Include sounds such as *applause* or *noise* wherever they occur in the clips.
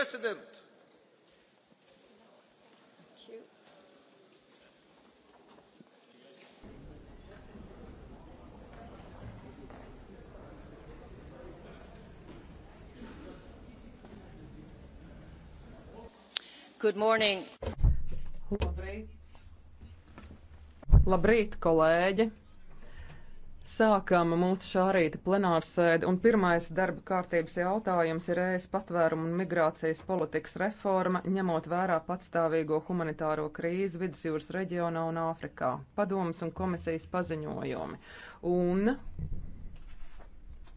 president Labrīt, kolēģi! Sākam mūsu šā rīta plenārsēdi, un pirmais darba kārtības jautājums ir ēs patvērumu un migrācijas politikas reforma, ņemot vērā patstāvīgo humanitāro krīzi vidusjūras reģionā un Āfrikā. Padomas un komisijas paziņojumi. Un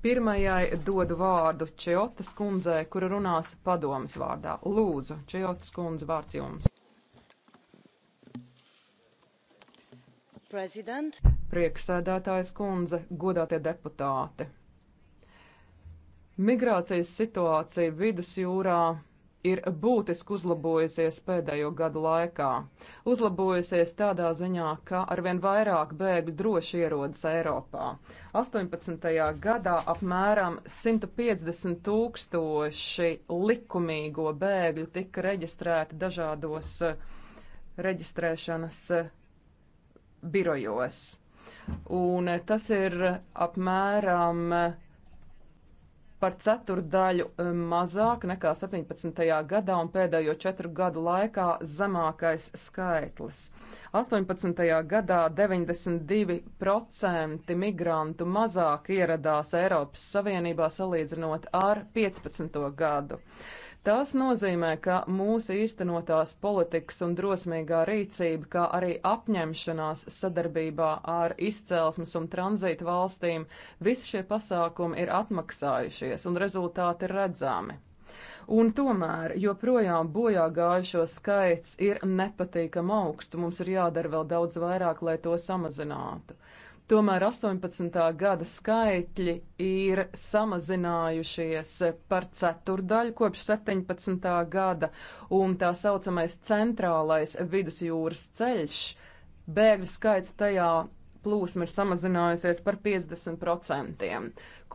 pirmajai dodu vārdu Čiotas kundzei, kura runās padomas vārdā. Lūdzu, Čiotas kundze, vārds jums. Prieksēdētājs kundze, godātie deputāti! Migrācijas situācija vidusjūrā ir būtiski uzlabojusies pēdējo gadu laikā. Uzlabojusies tādā ziņā, ka arvien vairāk bēgļu droši ierodas Eiropā. 18. gadā apmēram 150 tūkstoši likumīgo bēgļu tika reģistrēti dažādos eh, reģistrēšanas eh, birojos. Un tas ir apmēram par ceturdaļu eh, mazāk nekā 17. gadā un pēdējo četru gadu laikā zemākais skaitlis. 18. gadā 92% migrantu mazāk ieradās Eiropas Savienībā salīdzinot ar 15. gadu. Tas nozīmē, ka mūsu īstenotās politikas un drosmīgā rīcība, kā arī apņemšanās sadarbībā ar izcelsmes un tranzīta valstīm, visi šie pasākumi ir atmaksājušies un rezultāti ir redzami. Un tomēr joprojām bojā gājušo skaits ir nepatīkam augsts, mums ir jādara vēl daudz vairāk, lai to samazinātu. Tomēr 18. gada skaitļi ir samazinājušies par ceturdaļu kopš 17. gada, un tā saucamais centrālais vidusjūras ceļš bēgļu skaits tajā plūsma ir samazinājusies par 50%.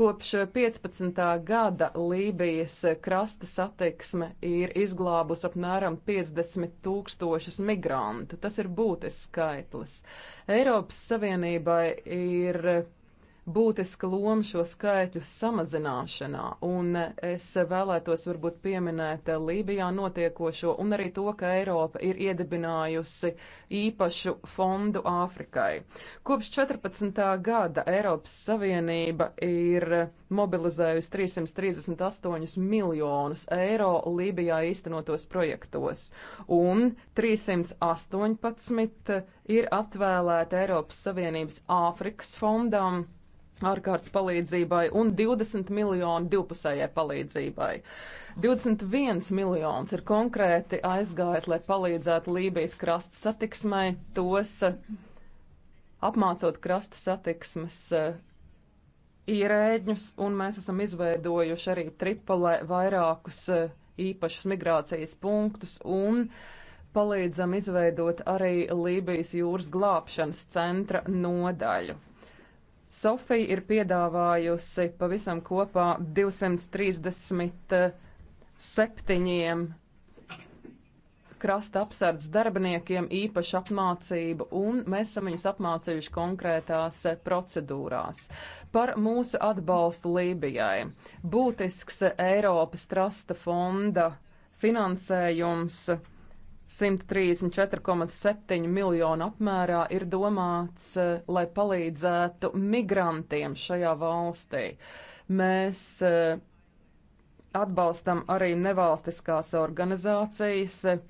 Kopš 15. gada Lībijas krasta satiksme ir izglābus apmēram 50 tūkstošus migrantu. Tas ir būtisks skaitlis. Eiropas Savienībai ir būtiska loma šo skaitļu samazināšanā, un es vēlētos varbūt pieminēt Lībijā notiekošo un arī to, ka Eiropa ir iedibinājusi īpašu fondu Āfrikai. Kopš 14. gada Eiropas Savienība ir mobilizējusi 338 miljonus eiro Lībijā īstenotos projektos, un 318 ir atvēlēta Eiropas Savienības Āfrikas fondam ārkārtas palīdzībai un 20 miljoni divpusējai palīdzībai. 21 miljons ir konkrēti aizgājis, lai palīdzētu Lībijas krasta satiksmai, tos eh, apmācot krasta satiksmes eh, ierēģņus, un mēs esam izveidojuši arī Tripolē vairākus eh, īpašus migrācijas punktus un palīdzam izveidot arī Lībijas jūras glābšanas centra nodaļu. Sofija ir piedāvājusi pavisam kopā 237 krasta apsardzes darbiniekiem īpašu apmācību, un mēs esam viņus apmācījuši konkrētās procedūrās. Par mūsu atbalstu Lībijai. Būtisks Eiropas trasta fonda finansējums 134,7 miljonu apmērā ir domāts, eh, lai palīdzētu migrantiem šajā valstī. Mēs eh, atbalstam arī nevalstiskās organizācijas, eh,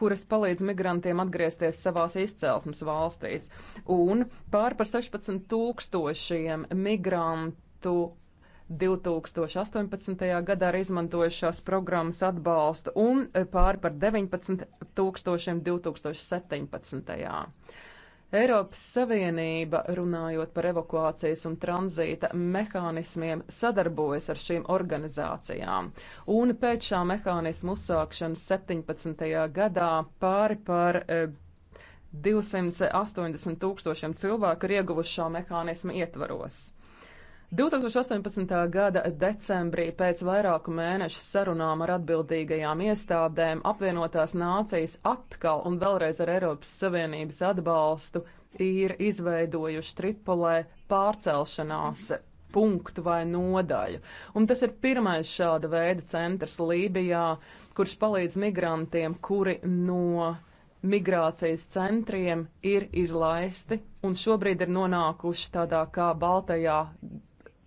kuras palīdz migrantiem atgriezties savās izcelsmes valstīs. Un pār par 16 tūkstošiem migrantu 2018. gadā ir izmantojuši šās programmas atbalstu un pāri par 19 tūkstošiem 2017. Eiropas Savienība, runājot par evakuācijas un tranzīta mehānismiem, sadarbojas ar šīm organizācijām. Un pēc šā mehānismu uzsākšanas 17. gadā pāri par 280 e, tūkstošiem cilvēku ir ieguvuši šā mehānisma ietvaros. 2018. gada decembrī pēc vairāku mēnešu sarunām ar atbildīgajām iestādēm apvienotās nācijas atkal un vēlreiz ar Eiropas Savienības atbalstu ir izveidojuši Tripolē pārcelšanās punktu vai nodaļu. Un tas ir pirmais šāda veida centrs Lībijā, kurš palīdz migrantiem, kuri no migrācijas centriem ir izlaisti un šobrīd ir nonākuši tādā kā baltajā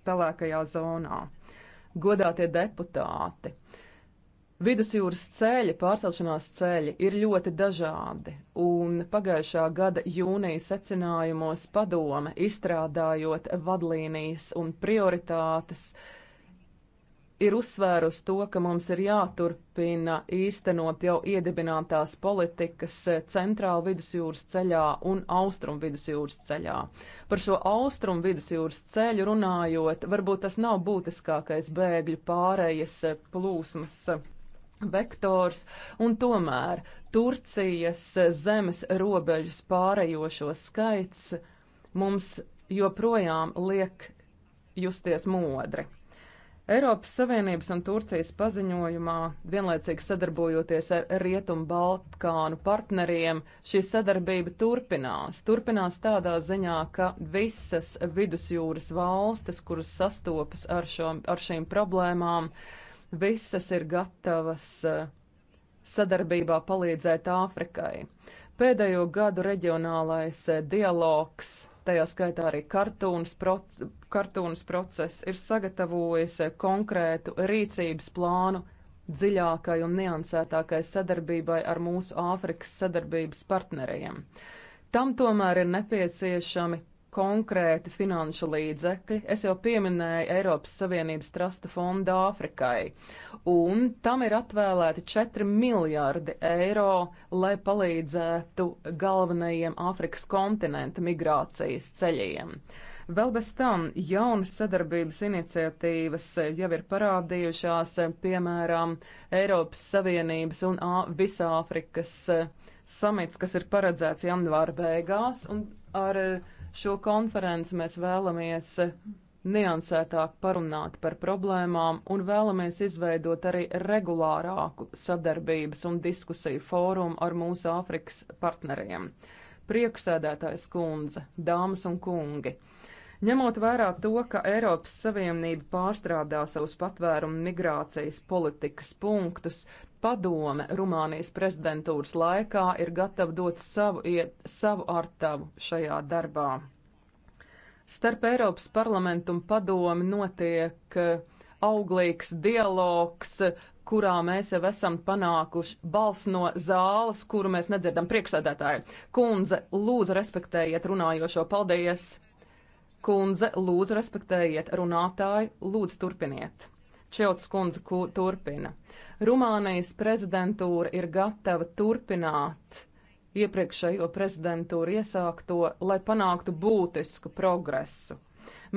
pelēkajā zonā. Godātie deputāti! Vidusjūras ceļi, pārcelšanās ceļi ir ļoti dažādi, un pagājušā gada jūnija secinājumos padome izstrādājot vadlīnijas un prioritātes, uh, ir uzsvērusi to, ka mums ir jāturpina īstenot jau iedibinātās politikas eh, centrāla vidusjūras ceļā un austrumu vidusjūras ceļā. Par šo austrumu vidusjūras ceļu runājot, varbūt tas nav būtiskākais bēgļu pārējas eh, plūsmas eh, vektors, un tomēr Turcijas zemes robežas pārējošo skaits mums joprojām liek justies modri. Eiropas Savienības un Turcijas paziņojumā, vienlaicīgi sadarbojoties ar Rietumu Balkānu partneriem, šī sadarbība turpinās. Turpinās tādā ziņā, ka visas vidusjūras valstis, kuras sastopas ar, šo, ar šīm problēmām, visas ir gatavas eh, sadarbībā palīdzēt Āfrikai. Pēdējo gadu reģionālais eh, dialogs tajā skaitā arī kartūnas, proc kartūnas process, ir sagatavojis konkrētu rīcības plānu dziļākai un niansētākai sadarbībai ar mūsu Āfrikas sadarbības partneriem. Tam tomēr ir nepieciešami konkrēti finanšu līdzekļi. Es jau pieminēju Eiropas Savienības trasta fondu Āfrikai, un tam ir atvēlēti 4 miljārdi eiro, lai palīdzētu galvenajiem Āfrikas kontinenta migrācijas ceļiem. Vēl bez tam jaunas sadarbības iniciatīvas jau ir parādījušās, piemēram, Eiropas Savienības un Visāfrikas eh, samits, kas ir paredzēts janvāra beigās, un ar uh, Šo konferenci mēs vēlamies niansētāk parunāt par problēmām un vēlamies izveidot arī regulārāku sadarbības un diskusiju fórumu ar mūsu Āfrikas partneriem. Prieksēdētājs kundze, dāmas un kungi! Ņemot vērā to, ka Eiropas Savienība pārstrādā savus patvērumu migrācijas politikas punktus, padome Rumānijas prezidentūras laikā ir gatava dot savu, iet, savu artavu šajā darbā. Starp Eiropas parlamentu un padomi notiek eh, auglīgs dialogs, kurā mēs jau esam panākuši balss no zāles, kuru mēs nedzirdam priekšsēdētāju. Kundze, lūdzu, respektējiet runājošo. Paldies! Kundze, lūdzu, respektējiet runātāju. Lūdzu, turpiniet! Čelts kundze turpina. Rumānijas prezidentūra ir gatava turpināt iepriekšējo prezidentūru iesākto, lai panāktu būtisku progresu.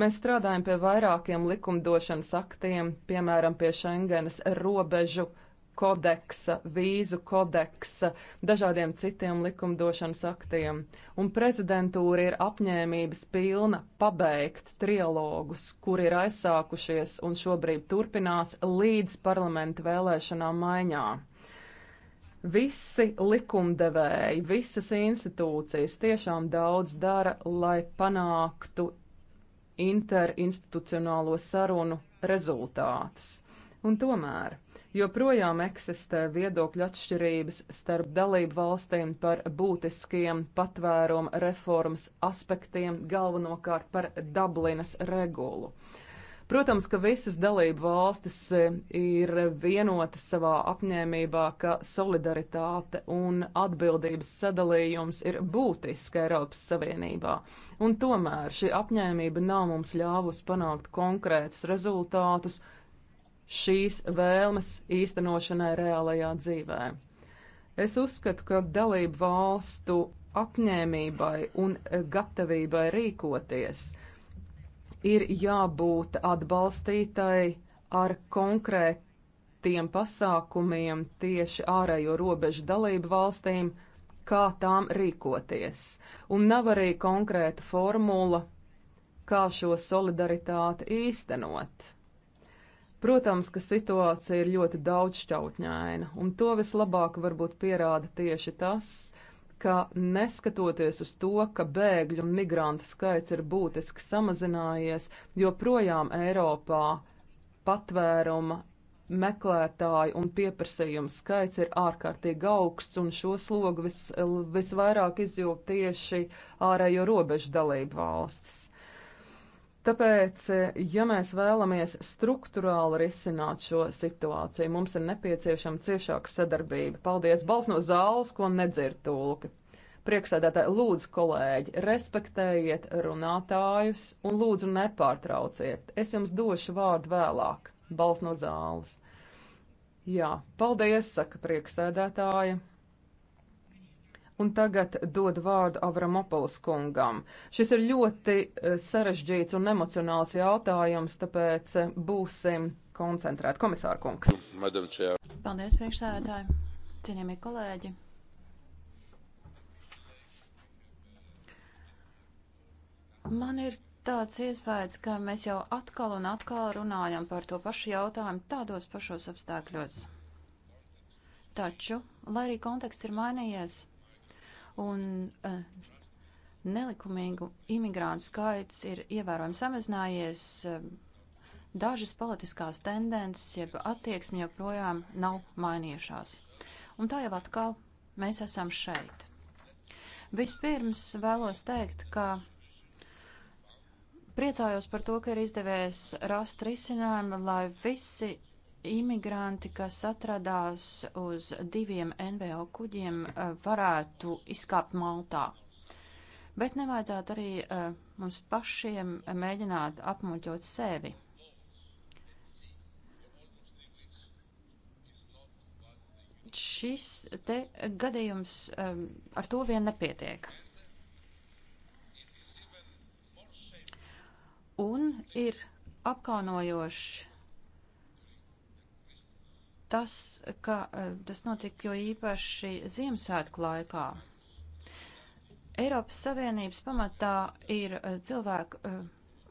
Mēs strādājam pie vairākiem likumdošanas aktiem, piemēram, pie Schengenas robežu kodeksa, vīzu kodeksa, dažādiem citiem likumdošanas aktiem, un prezidentūra ir apņēmības pilna pabeigt trilogus, kur ir aizsākušies un šobrīd turpinās līdz parlamenta vēlēšanām maiņā. Visi likumdevēji, visas institūcijas tiešām daudz dara, lai panāktu interinstitucionālo sarunu rezultātus. Un tomēr Joprojām eksistē viedokļu atšķirības starp dalību valstīm par būtiskiem patvērumu reformas aspektiem, galvenokārt par Dublinas regulu. Protams, ka visas dalību valstis e, ir vienotas savā apņēmībā, ka solidaritāte un atbildības sadalījums ir būtiska Eiropas Savienībā. Un tomēr šī apņēmība nav mums ļāvusi panākt konkrētus rezultātus šīs vēlmes īstenošanai reālajā dzīvē. Es uzskatu, ka dalību valstu apņēmībai un gatavībai rīkoties ir jābūt atbalstītai ar konkrētiem pasākumiem tieši ārējo robežu dalību valstīm, kā tām rīkoties. Un nav arī konkrēta formula, kā šo solidaritāti īstenot. Protams, ka situācija ir ļoti daudzšķautņaina, un to vislabāk varbūt pierāda tieši tas, ka neskatoties uz to, ka bēgļu un migrantu skaits ir būtiski samazinājies, joprojām Eiropā patvēruma meklētāju un pieprasījumu skaits ir ārkārtīgi augsts, un šo slogu vis, visvairāk izjūt tieši ārējo robežu dalību valstis. Tāpēc, ja mēs vēlamies struktūrāli risināt šo situāciju, mums ir nepieciešama ciešāka sadarbība. Paldies! Balsts no zāles, ko nedzird tulki. Priekšsēdētāji, lūdzu, kolēģi, respektējiet runātājus un lūdzu nepārtrauciet. Es jums došu vārdu vēlāk. Balsts no zāles. Jā, paldies, saka priekšsēdētāja. Un tagad dodu vārdu Avramopolis kungam. Šis ir ļoti eh, sarežģīts un emocionāls jautājums, tāpēc eh, būsim koncentrēti. Komisāra kungs. Paldies, priekšsēdētāji, cienījamie kolēģi. Man ir tāds iespējas, ka mēs jau atkal un atkal runājam par to pašu jautājumu tādos pašos apstākļos. Taču, lai arī konteksts ir mainījies, un uh, nelikumīgu imigrantu skaits ir ievērojami samazinājies. Eh, dažas politiskās tendences, jeb attieksmi joprojām nav mainījušās. Un tā jau atkal mēs esam šeit. Vispirms vēlos teikt, ka priecājos par to, ka ir izdevies rast risinājumu, lai visi imigranti, kas atradās uz diviem NVO kuģiem, eh, varētu izkāpt Maltā. Bet nevajadzētu arī eh, mums pašiem mēģināt apmuļķot sevi. Šis te gadījums eh, ar to vien nepietiek. Un ir apkaunojoši tas, ka e, tas notika jo īpaši Ziemassvētku laikā. Eiropas Savienības pamatā ir e, cilvēku e,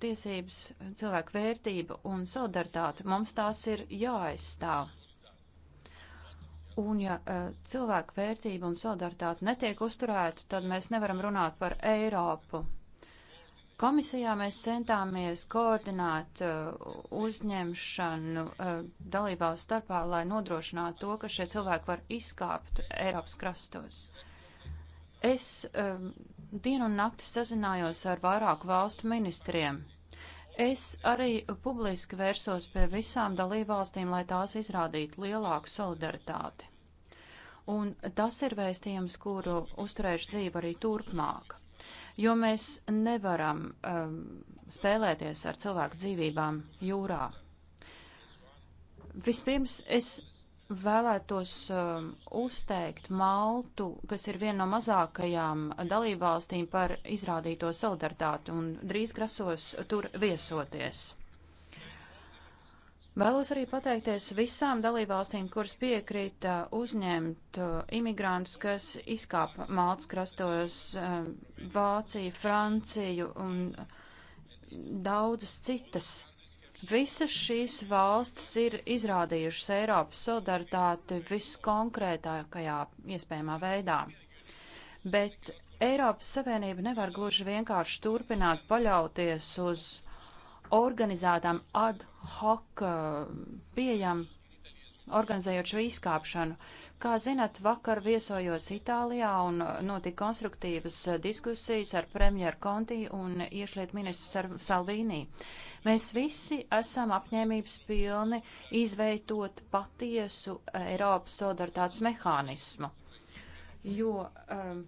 tiesības, cilvēku vērtība un solidaritāte. Mums tās ir jāaizstāv. Un ja cilvēku vērtība un solidaritāte netiek uzturēta, tad mēs nevaram runāt par Eiropu. Komisijā mēs centāmies koordinēt uh, uzņemšanu uh, dalībvalstu starpā, lai nodrošinātu to, ka šie cilvēki var izkāpt Eiropas krastos. Es um, uh, dienu un nakti sazinājos ar vairāku valstu ministriem. Es arī publiski vērsos pie visām dalībvalstīm, lai tās izrādītu lielāku solidaritāti. Un tas ir vēstījums, kuru uzturēšu dzīvi arī turpmāk jo mēs nevaram um, spēlēties ar cilvēku dzīvībām jūrā. Vispirms es vēlētos um, uzteikt Maltu, kas ir viena no mazākajām dalībvalstīm par izrādīto solidaritāti un drīz grasos tur viesoties. Vēlos arī pateikties visām dalībvalstīm, kuras piekrita uh, uzņemt uh, imigrantus, kas izkāpa Maltas krastos, uh, Vāciju, Franciju un daudzas citas. Visas šīs valstis ir izrādījušas Eiropas solidaritāti viskonkrētākajā iespējamā veidā. Bet Eiropas Savienība nevar gluži vienkārši turpināt paļauties uz organizētām ad hoc eh, pieejam, organizējot šo izkāpšanu. Kā zinat, vakar viesojos Itālijā un notika konstruktīvas eh, diskusijas ar premjeru Konti un iešliet ministru Salvīnī. Mēs visi esam apņēmības pilni izveidot patiesu Eiropas solidaritātes mehānismu, jo um,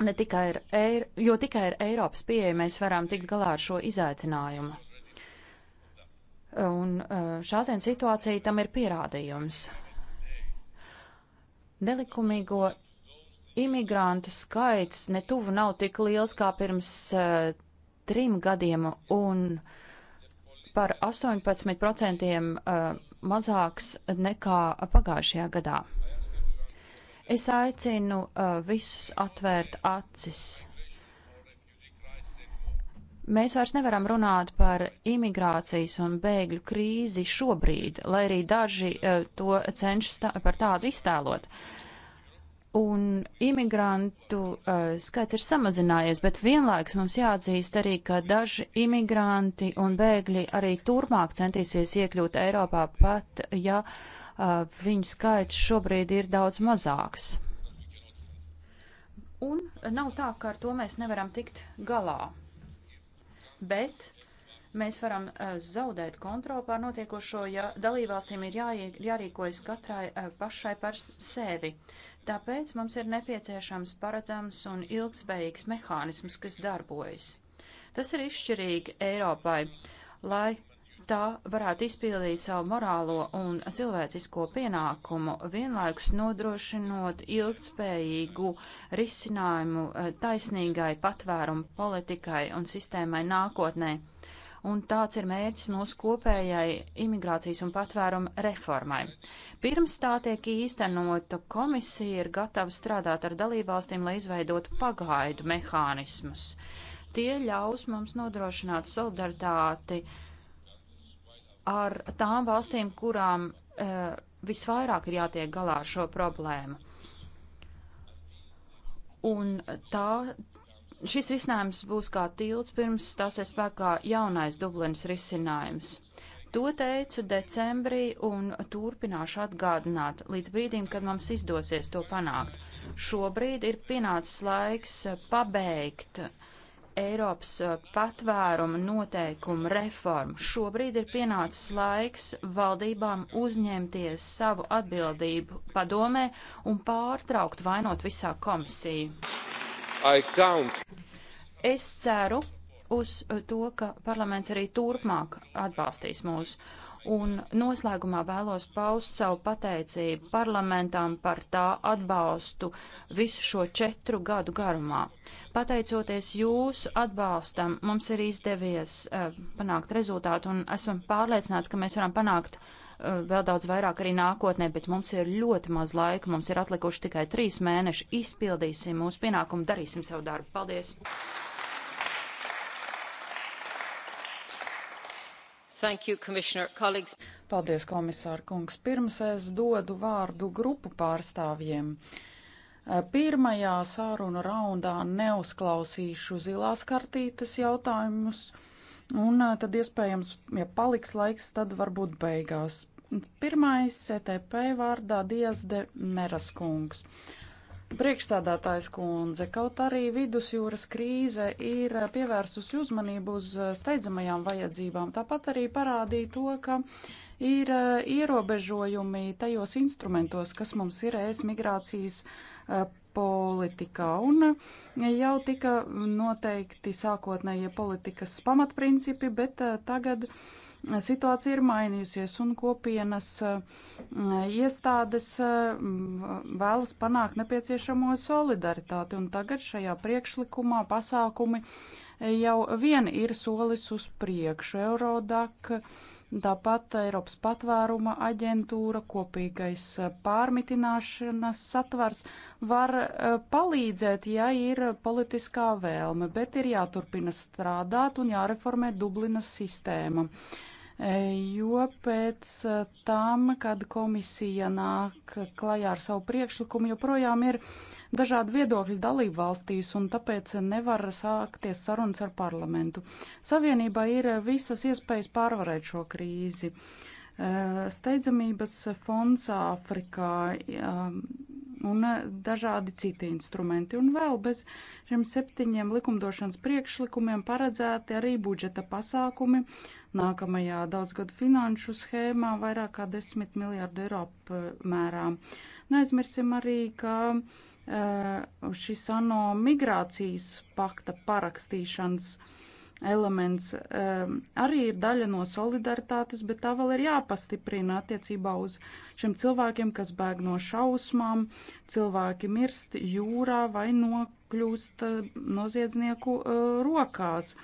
Ne tikai ar, Eir jo tikai ar Eiropas pieeju mēs varam tikt galā ar šo izaicinājumu. Un uh, šādien situācija tam ir pierādījums. Nelikumīgo imigrantu skaits netuvu nav tik liels kā pirms uh, trim gadiem un par 18% uh, mazāks nekā pagājušajā gadā. Es aicinu uh, visus atvērt acis. Mēs vairs nevaram runāt par imigrācijas un bēgļu krīzi šobrīd, lai arī daži uh, to cenšas tā, par tādu iztēlot. Un imigrantu uh, skaits ir samazinājies, bet vienlaiks mums jāatzīst arī, ka daži imigranti un bēgļi arī turpmāk centīsies iekļūt Eiropā pat, ja uh, viņu skaits šobrīd ir daudz mazāks. Un nav tā, ka ar to mēs nevaram tikt galā. Bet mēs varam zaudēt kontroli pār notiekošo, ja dalībvalstīm ir jā, jārīkojas katrai pašai par sevi. Tāpēc mums ir nepieciešams paredzams un ilgspējīgs mehānisms, kas darbojas. Tas ir izšķirīgi Eiropai, lai tā varētu izpildīt savu morālo un cilvēcisko pienākumu, vienlaikus nodrošinot ilgtspējīgu risinājumu eh, taisnīgai patvērumu politikai un sistēmai nākotnē. Un tāds ir mērķis mūsu kopējai imigrācijas un patvērumu reformai. Pirms tā tiek īstenota, komisija ir gatava strādāt ar dalībvalstīm, lai izveidotu pagaidu mehānismus. Tie ļaus mums nodrošināt solidaritāti uh, ar tām valstīm, kurām e, visvairāk ir jātiek galā ar šo problēmu. Un tā, šis risinājums būs kā tilts pirms stāsies spēkā jaunais Dublinas risinājums. To teicu decembrī un turpināšu atgādināt līdz brīdim, kad mums izdosies to panākt. Šobrīd ir pienācis laiks pabeigt uh, Eiropas uh, patvēruma noteikumu reformu. Šobrīd ir pienācis laiks valdībām uzņemties savu atbildību padomē un pārtraukt vainot visā komisiju. Es ceru uz uh, to, ka parlaments arī turpmāk atbalstīs mūsu. Un noslēgumā vēlos paust savu pateicību parlamentam par tā atbalstu visu šo četru gadu garumā. Pateicoties jūsu atbalstam, mums ir izdevies uh, panākt rezultātu un esam pārliecināts, ka mēs varam panākt uh, vēl daudz vairāk arī nākotnē, bet mums ir ļoti maz laika, mums ir atlikuši tikai trīs mēneši, izpildīsim mūsu pienākumu, darīsim savu darbu. Paldies! You, Paldies, komisāra kungs. Pirms es dodu vārdu grupu pārstāvjiem. Eh, pirmajā sārunu raundā neuzklausīšu zilās kartītes jautājumus, un eh, tad iespējams, ja paliks laiks, tad varbūt beigās. Pirmais CTP e vārdā Diezde Meras kungs. Priekšsādātājs kundze, kaut arī vidusjūras krīze ir pievērsusi uzmanību uz eh, steidzamajām vajadzībām, tāpat arī parādīja to, ka ir eh, ierobežojumi tajos instrumentos, kas mums ir ēs migrācijas eh, politikā. Un jau tika noteikti sākotnējie politikas pamatprincipi, bet tagad. Uh, situācija ir mainījusies un kopienas iestādes vēlas panākt nepieciešamo solidaritāti. Un tagad šajā priekšlikumā pasākumi jau vien ir solis uz priekšu. Eurodak, tāpat Eiropas patvēruma aģentūra, kopīgais pārmitināšanas satvars var e, palīdzēt, ja ir politiskā vēlme, bet ir jāturpina strādāt un jāreformē Dublinas sistēma. Uh, jo pēc eh, tam, kad komisija nāk klajā ar savu priekšlikumu, joprojām ir dažādi viedokļi dalību valstīs, un tāpēc nevar sākties sarunas ar parlamentu. Savienībā ir visas iespējas pārvarēt šo krīzi. Eh, Steidzamības fonds Āfrikā eh, un e, dažādi citi instrumenti. Un vēl bez šiem septiņiem likumdošanas priekšlikumiem paredzēti arī budžeta pasākumi nākamajā daudzgadu finanšu schēmā vairāk kā 10 miljārdu eiro apmērā. Neaizmirsim arī, ka e, šis ANO migrācijas pakta parakstīšanas uh, elements um, arī ir daļa no solidaritātes, bet tā vēl ir jāpastiprina attiecībā uz šiem cilvēkiem, kas bēg no šausmām, cilvēki mirst jūrā vai nokļūst eh, noziedznieku uh, rokās.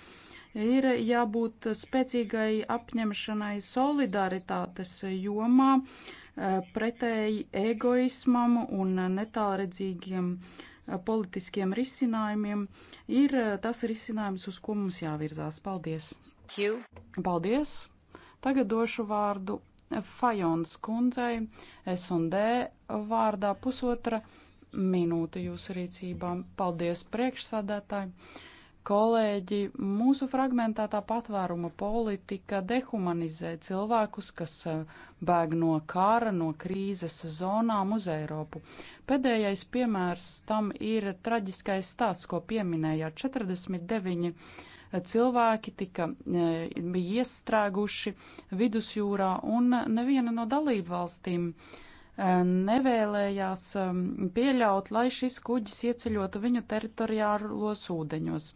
Ir jābūt spēcīgai apņemšanai solidaritātes jomā, uh, pretēji egoismam un netāredzīgiem uh, Eh, politiskiem risinājumiem ir eh, tas risinājums, uz ko mums jāvirzās. Paldies! Q. Paldies! Tagad došu vārdu Fajons kundzei S&D vārdā pusotra minūte jūsu rīcībām. Paldies priekšsādātāji! kolēģi, mūsu fragmentētā patvēruma politika dehumanizē cilvēkus, kas eh, bēg no kara, no krīzes zonām uz Eiropu. Pēdējais piemērs tam ir traģiskais stāsts, ko pieminējāt 49 eh, cilvēki tika, bija eh, iestrēguši vidusjūrā un neviena no dalību valstīm nevēlējās um, pieļaut, lai šis kuģis ieceļotu viņu teritoriālos ūdeņos.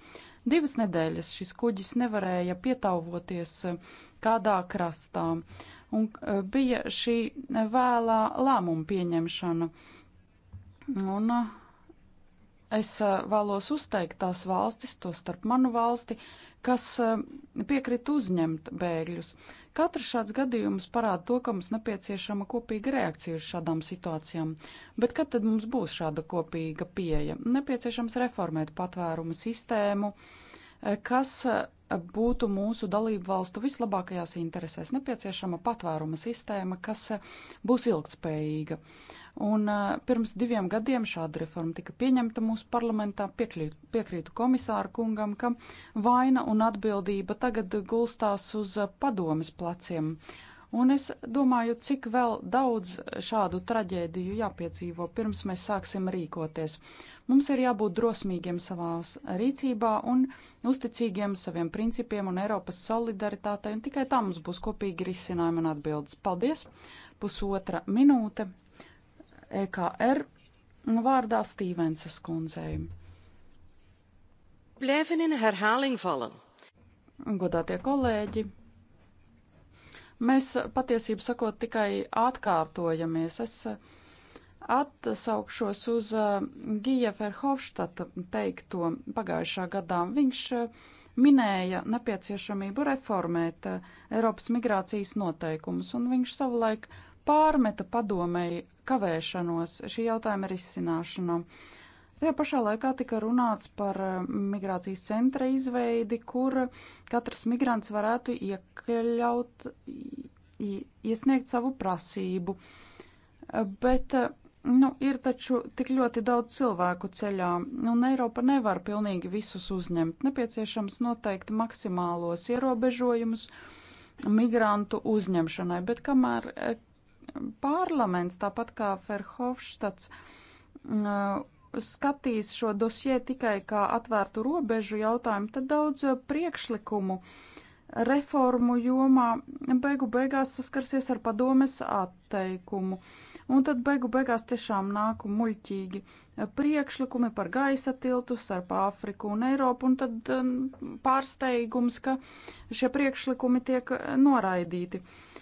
Divas nedēļas šis kuģis nevarēja pietauvoties um, kādā krastā, un uh, bija šī uh, vēlā lēmuma pieņemšana. Un, uh, Es eh, vēlos uzteikt tās valstis, to starp manu valsti, kas eh, piekrit uzņemt bēgļus. Katrs šāds gadījums parāda to, ka mums nepieciešama kopīga reakcija uz šādām situācijām. Bet kad tad mums būs šāda kopīga pieeja? Nepieciešams reformēt patvērumu sistēmu, uh, kas eh, būtu mūsu dalību valstu vislabākajās interesēs nepieciešama patvēruma sistēma, kas eh, būs ilgtspējīga. Un eh, pirms diviem gadiem šāda reforma tika pieņemta mūsu parlamentā, piekrīt, piekrītu komisāru kungam, ka vaina un atbildība tagad gulstās uz padomes pleciem. Uh, Un es domāju, cik vēl daudz šādu traģēdiju jāpiedzīvo, pirms mēs sāksim rīkoties. Mums ir jābūt drosmīgiem savās rīcībā un uzticīgiem saviem principiem un Eiropas solidaritātei, un tikai tā mums būs kopīgi risinājumi un atbildes. Paldies! Pusotra minūte EKR vārdā Stīvensas kundzei. Blijven in herhaling vallen. Godātie kolēģi, Mēs patiesību sakot tikai atkārtojamies. Es eh, atsaukšos uz eh, Gija Ferhofštata teikto pagājušā gadā. Viņš eh, minēja nepieciešamību reformēt Eiropas migrācijas noteikumus, un viņš savulaik pārmeta padomēji kavēšanos šī jautājuma risināšanam. Uh, Tajā pašā laikā tika runāts par eh, migrācijas centra izveidi, kur katrs migrants varētu iekļaut, iesniegt savu prasību. Eh, bet, eh, nu, ir taču tik ļoti daudz cilvēku ceļā, un Eiropa nevar pilnīgi visus uzņemt. Nepieciešams noteikti maksimālos ierobežojumus migrantu uzņemšanai, bet kamēr parlaments, tāpat kā Ferhofštats, mm, skatīs šo dosie tikai kā atvērtu robežu jautājumu, tad daudz eh, priekšlikumu reformu jomā beigu beigās saskarsies ar padomes atteikumu. Un tad beigu beigās tiešām nāk muļķīgi priekšlikumi par gaisa tiltu starp Āfriku un Eiropu, un tad eh, pārsteigums, ka šie priekšlikumi tiek noraidīti. Uh,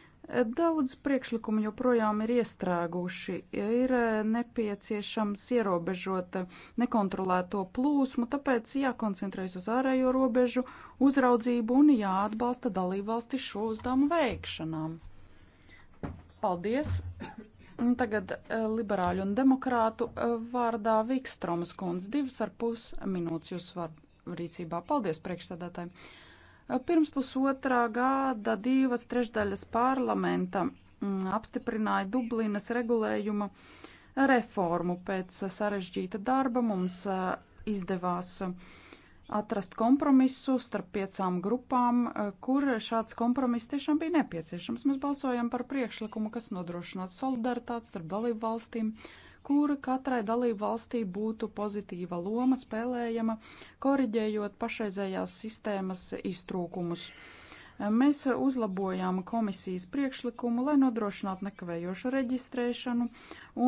Daudz priekšlikumu joprojām ir iestrēguši. Ir e, nepieciešams ierobežot e, nekontrolēto plūsmu, tāpēc jākoncentrējas uz ārējo robežu uzraudzību un jāatbalsta dalībvalsti šo uzdevumu veikšanām. Paldies! Tagad e, liberāļu un demokrātu vārdā Vikstromas kundze divas ar pus minūtes jūs var rīcībā. Paldies priekšsēdētāji! Pirms pusotrā gada divas trešdaļas parlamenta mm, apstiprināja Dublinas regulējuma reformu. Pēc sarežģīta darba mums e, izdevās atrast kompromisu starp piecām grupām, e, kur šāds kompromiss tiešām bija nepieciešams. Mēs balsojam par priekšlikumu, kas nodrošinātu solidaritāti starp dalību valstīm kura katrai dalību valstī būtu pozitīva loma spēlējama, koriģējot pašreizējās sistēmas iztrūkumus. Mēs uzlabojām komisijas priekšlikumu, lai nodrošinātu nekavējošu reģistrēšanu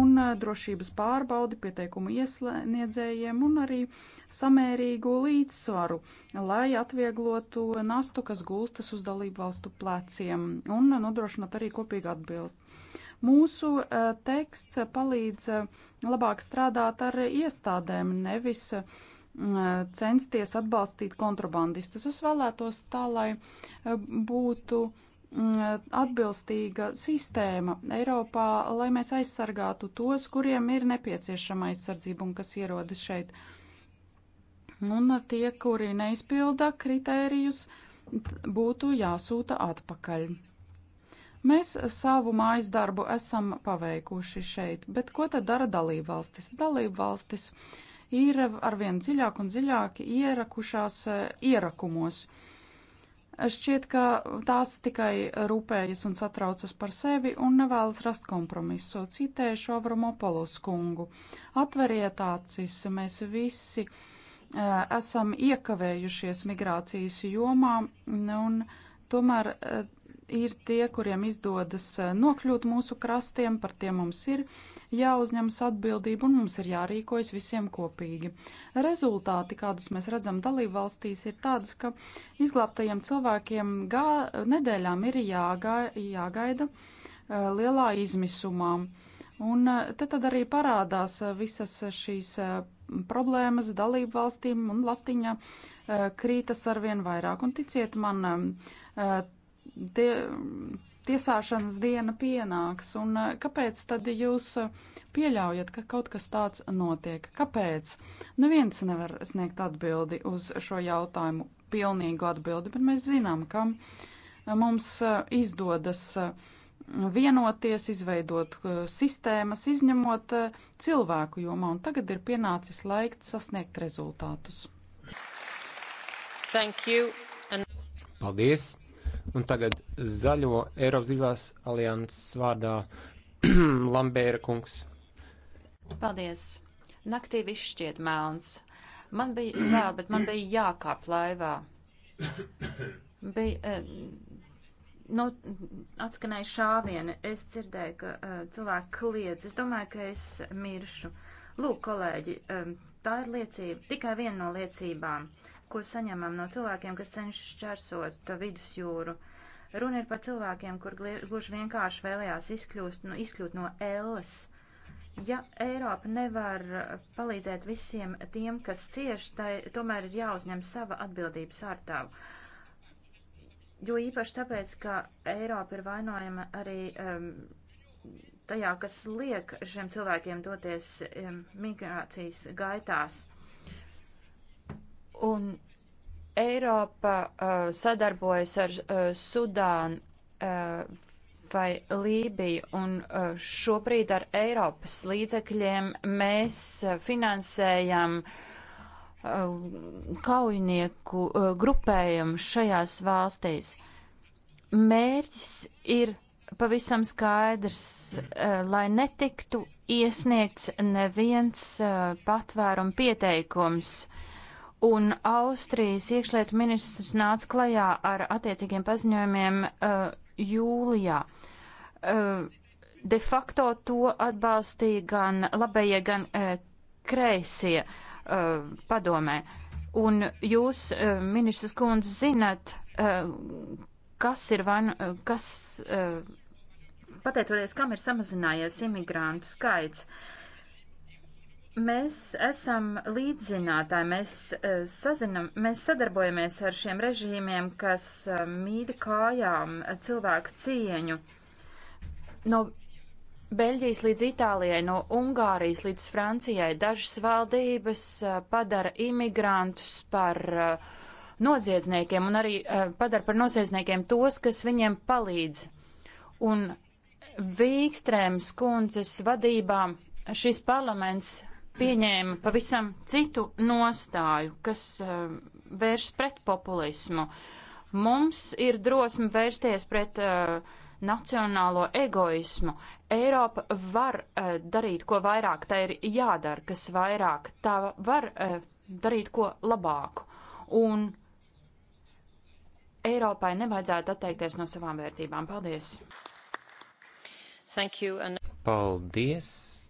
un drošības pārbaudi pieteikumu iesniedzējiem un arī samērīgu līdzsvaru, lai atvieglotu nastu, kas gulstas uz dalību valstu pleciem un nodrošinātu arī kopīgu atbildi. Mūsu eh, teksts palīdz eh, labāk strādāt ar iestādēm, nevis mm, eh, censties atbalstīt kontrabandistus. Es vēlētos tā, lai būtu mm, atbilstīga sistēma Eiropā, lai mēs aizsargātu tos, kuriem ir nepieciešama aizsardzība un kas ierodas šeit. Un tie, kuri neizpilda kritērijus, būtu jāsūta atpakaļ. Mēs savu mājas darbu esam paveikuši šeit, bet ko tad dara dalībvalstis? Dalībvalstis ir arvien dziļāk un dziļāk ierakušās eh, ierakumos. Šķiet, ka tās tikai rūpējas un satraucas par sevi un nevēlas rast kompromisu. Citēšu Avramopolus kungu. Atveriet acis, mēs visi eh, esam iekavējušies migrācijas jomā un tomēr eh, ir tie, kuriem izdodas eh, nokļūt mūsu krastiem, par tiem mums ir jāuzņemas atbildība un mums ir jārīkojas visiem kopīgi. Rezultāti, kādus mēs redzam dalībvalstīs, ir tāds, ka izglābtajiem cilvēkiem gā, nedēļām ir jāgā, jāgaida eh, lielā izmisumā. Un eh, te tad arī parādās visas šīs problēmas dalību valstīm un latiņa krītas arvien vairāk. Un ticiet man, die, tiesāšanas diena pienāks, un eh, kāpēc tad jūs eh, pieļaujat, ka kaut kas tāds notiek? Kāpēc? Neviens nu, nevar sniegt atbildi uz šo jautājumu, pilnīgu atbildi, bet mēs zinām, ka eh, mums izdodas vienoties, izveidot sistēmas, izņemot cilvēku jomā, un tagad ir pienācis laiks sasniegt rezultātus. Thank you. And... Paldies! Un tagad zaļo Eiropas divās alianses vārdā *clears throat* Lambēra kungs. Paldies! Naktī viss šķiet melns. Man bija vēl, bet man bija jākāp laivā. Bija, eh, nu, atskanēja šāvieni. Es dzirdēju, ka uh, cilvēki kliedz. Es domāju, ka es miršu. Lūk, kolēģi, um, tā ir liecība, tikai viena no liecībām. Uh, ko saņemam no cilvēkiem, kas cenšas šķērsot vidusjūru. Runa ir par cilvēkiem, kur gluži vienkārši vēlējās izkļūst, nu, izkļūt no ēles. Ja Eiropa nevar palīdzēt visiem tiem, kas cieš, tai tomēr ir jāuzņem sava atbildības ārtāvu. Jo īpaši tāpēc, ka Eiropa ir vainojama arī um, tajā, kas liek šiem cilvēkiem doties um, migrācijas gaitās. Un Eiropa uh, sadarbojas ar uh, Sudānu uh, vai Lībiju, un uh, šobrīd ar Eiropas līdzekļiem mēs uh, finansējam uh, kaujinieku uh, grupējumu šajās valstīs. Mērķis ir pavisam skaidrs, uh, lai netiktu iesniegts neviens uh, patvērumu pieteikums. Uh, un Austrijas iekšlietu ministrs nāca klajā ar attiecīgiem paziņojumiem uh, jūlijā. Uh, de facto to atbalstīja gan labējie, gan uh, kreisie uh, padomē. Un jūs, uh, ministrs kundze, zinat, uh, kas ir vai, uh, kas, uh, pateicoties kam ir samazinājies imigrantu skaits. Uh, Mēs esam līdzinātāji, mēs, eh, sazinam, mēs sadarbojamies ar šiem režīmiem, kas eh, mīda kājām cilvēku cieņu. No Beļģijas līdz Itālijai, no Ungārijas līdz Francijai dažas valdības eh, padara imigrantus par noziedzniekiem un arī padara par noziedzniekiem tos, kas viņiem palīdz. Un Vīkstrēms kundzes vadībā šis parlaments pieņēma pavisam citu nostāju, kas uh, vēršas pret populismu. Mums ir drosme vērsties pret uh, nacionālo egoismu. Eiropa var uh, darīt ko vairāk, tai ir jādara kas vairāk, tā var uh, darīt ko labāku. Un Eiropai nevajadzētu atteikties no savām vērtībām. Paldies! Thank you. And... Paldies!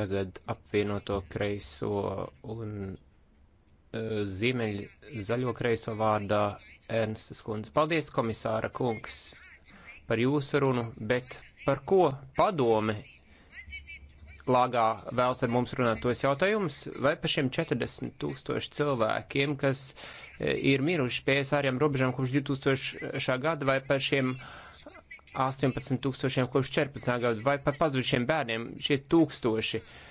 tagad apvienoto kreiso un uh, e, ziemeļu zaļo kreiso vārdā Ernstas kundze. Paldies, komisāra kungs, par jūsu runu, bet par ko padome lāgā vēlas ar mums runāt tos jautājumus, vai par šiem 40 tūkstoši cilvēkiem, kas e, ir miruši pie sāriem robežām kopš 2000 gada, vai par šiem uh, 18 tūkstošiem kopš 14. gada vai par pazudušiem bērniem šie tūkstoši. Uh,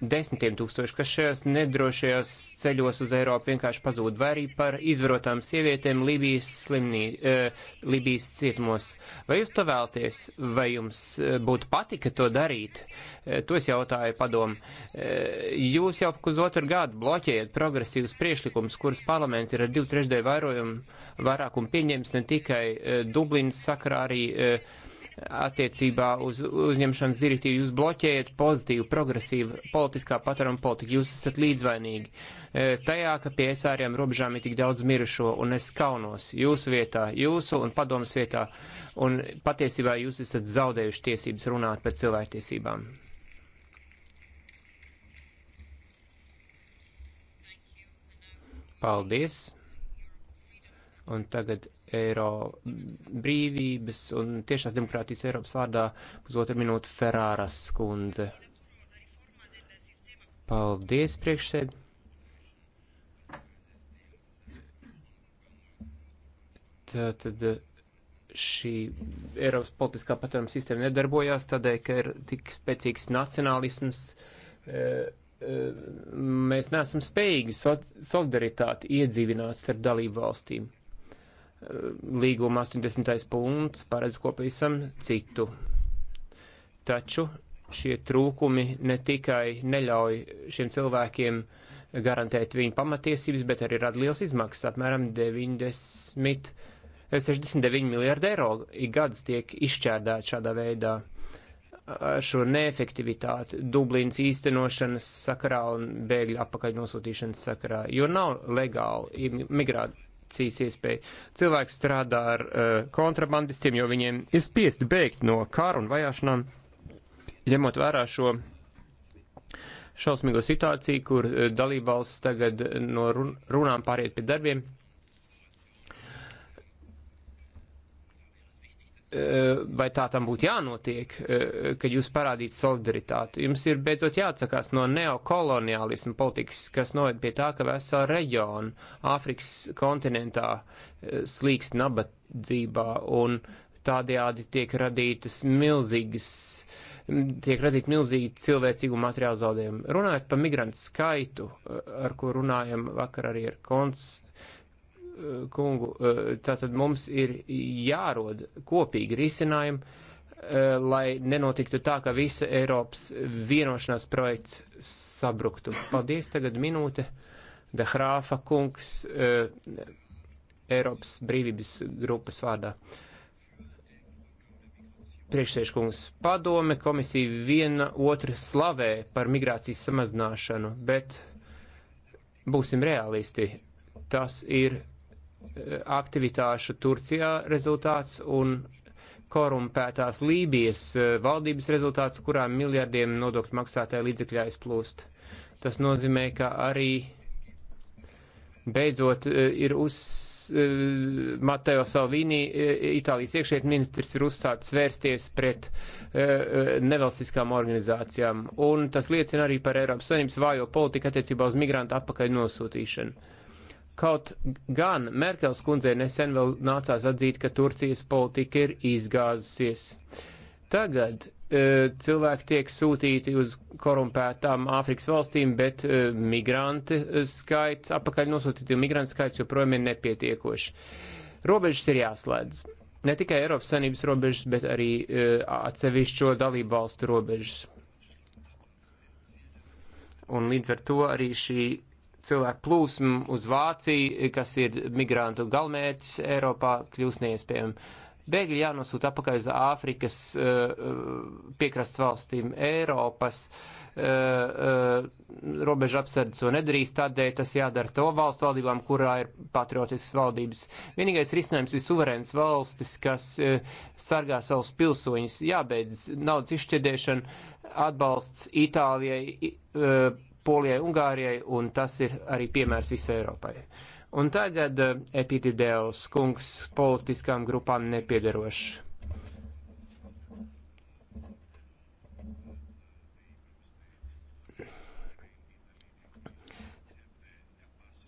desmitiem tūkstoši, kas šajos nedrošajos ceļos uz Eiropu vienkārši pazūd, vai arī par izvarotām sievietēm Libijas, slimnī, uh, Libijas cietumos. Vai jūs to vēlties, vai jums e, būtu patika to darīt? Uh, to es jautāju padomu. Uh, jūs jau uz otru gadu bloķējat progresīvus priešlikumus, kurus parlaments ir ar divu trešdēju vairojumu vairākumu pieņēmis ne tikai uh, Dublinas sakarā arī. Uh, attiecībā uz uzņemšanas direktīvu. Jūs bloķējat pozitīvu, progresīvu politiskā patvērumu politiku. Jūs esat līdzvainīgi e, tajā, ka pie esāriem robežām ir tik daudz mirušo, un es kaunos jūsu vietā, jūsu un padomas vietā, un patiesībā jūs esat zaudējuši tiesības runāt par cilvēktiesībām. Paldies! Un tagad eiro brīvības un tiešās demokrātijas Eiropas vārdā pusotru minūtu Ferāras skundze. Paldies, priekšsēd. Tātad šī Eiropas politiskā patvēruma sistēma nedarbojās tādēļ, ka ir tik spēcīgs nacionālisms. E, e mēs neesam spējīgi solidaritāti iedzīvināt starp dalību valstīm. Līguma 80. punkts paredz ko pavisam citu. Taču šie trūkumi ne tikai neļauj šiem cilvēkiem garantēt viņu pamatiesības, bet arī rada liels izmaksas - apmēram 90, 69 miljārdi eiro ik gads tiek izšķērdēti šādā veidā ar šo neefektivitāti Dublīnas īstenošanas sakarā un bēgļu apakaļ nosūtīšanas sakarā, jo nav legāli imigrāti cīs iespēja. Cilvēki strādā ar uh, kontrabandistiem, jo viņiem ir spiest bēgt no kara un vajāšanām, ņemot vērā šo šausmīgo situāciju, kur uh, dalībvalsts tagad eh, no run runām pāriet pie darbiem. Uh, Eh, vai tā tam būtu jānotiek, eh, ka jūs parādītu solidaritāti. Jums ir beidzot jāatsakās no neokoloniālismu politikas, kas noved pie tā, ka vesela reģiona Āfrikas kontinentā eh, slīks nabadzībā un tādējādi tiek radītas milzīgas, tiek radīt milzīgi cilvēcīgu materiālu zaudējumu. Runājot par migrantu skaitu, ar ko runājam vakar arī ar konts kungu, eh, tātad mums ir jārod kopīgi risinājumi, eh, lai nenotiktu tā, ka visa Eiropas vienošanās projekts sabruktu. Paldies, tagad minūte. De Hrāfa kungs, eh, Eiropas brīvības grupas vārdā. Priekšsēžkungs padome, komisija viena otru slavē par migrācijas samazināšanu, bet būsim realisti tas ir aktivitāšu Turcijā rezultāts un korumpētās Lībijas eh, valdības rezultāts, kurām miljardiem nodokļu maksātāja līdzekļā aizplūst. Tas nozīmē, ka arī beidzot eh, ir uz eh, Mateo Salvini, Itālijas iekšēt ministrs, ir uzsācis vērsties pret nevalstiskām organizācijām. Un tas liecina arī par Eiropas Savienības vājo politiku attiecībā uz migrantu apakaļ nosūtīšanu Kaut gan Merkels kundzei nesen vēl nācās atzīt, ka Turcijas politika ir izgāzusies. Tagad e, cilvēki tiek sūtīti uz korumpētām Āfrikas valstīm, bet e, migranti skaits, apakaļ nosūtīti migrantu skaits joprojām ir nepietiekoši. Robežas ir jāslēdz. Ne tikai Eiropas Sanības robežas, bet arī e, atsevišķo dalību valstu robežas. Un līdz ar to arī šī cilvēku plūsmu uz Vāciju, kas ir migrantu galmērķis Eiropā, kļūst neiespējami. Bēgļi jānosūta apakaļ uz Āfrikas eh, piekrasts valstīm Eiropas. Eh, eh, Robeža apsardz to nedarīs, tādēļ tas jādara to valstu valdībām, kurā ir patriotisks valdības. Vienīgais risinājums ir suverēns valstis, kas sargā savus pilsoņus, jābeidz naudas izšķiedēšana, atbalsts Itālijai, Polijai, Ungārijai, un tas ir arī piemērs visai Eiropai. Un tagad eh, epididēls kungs politiskām grupām nepiedarošs.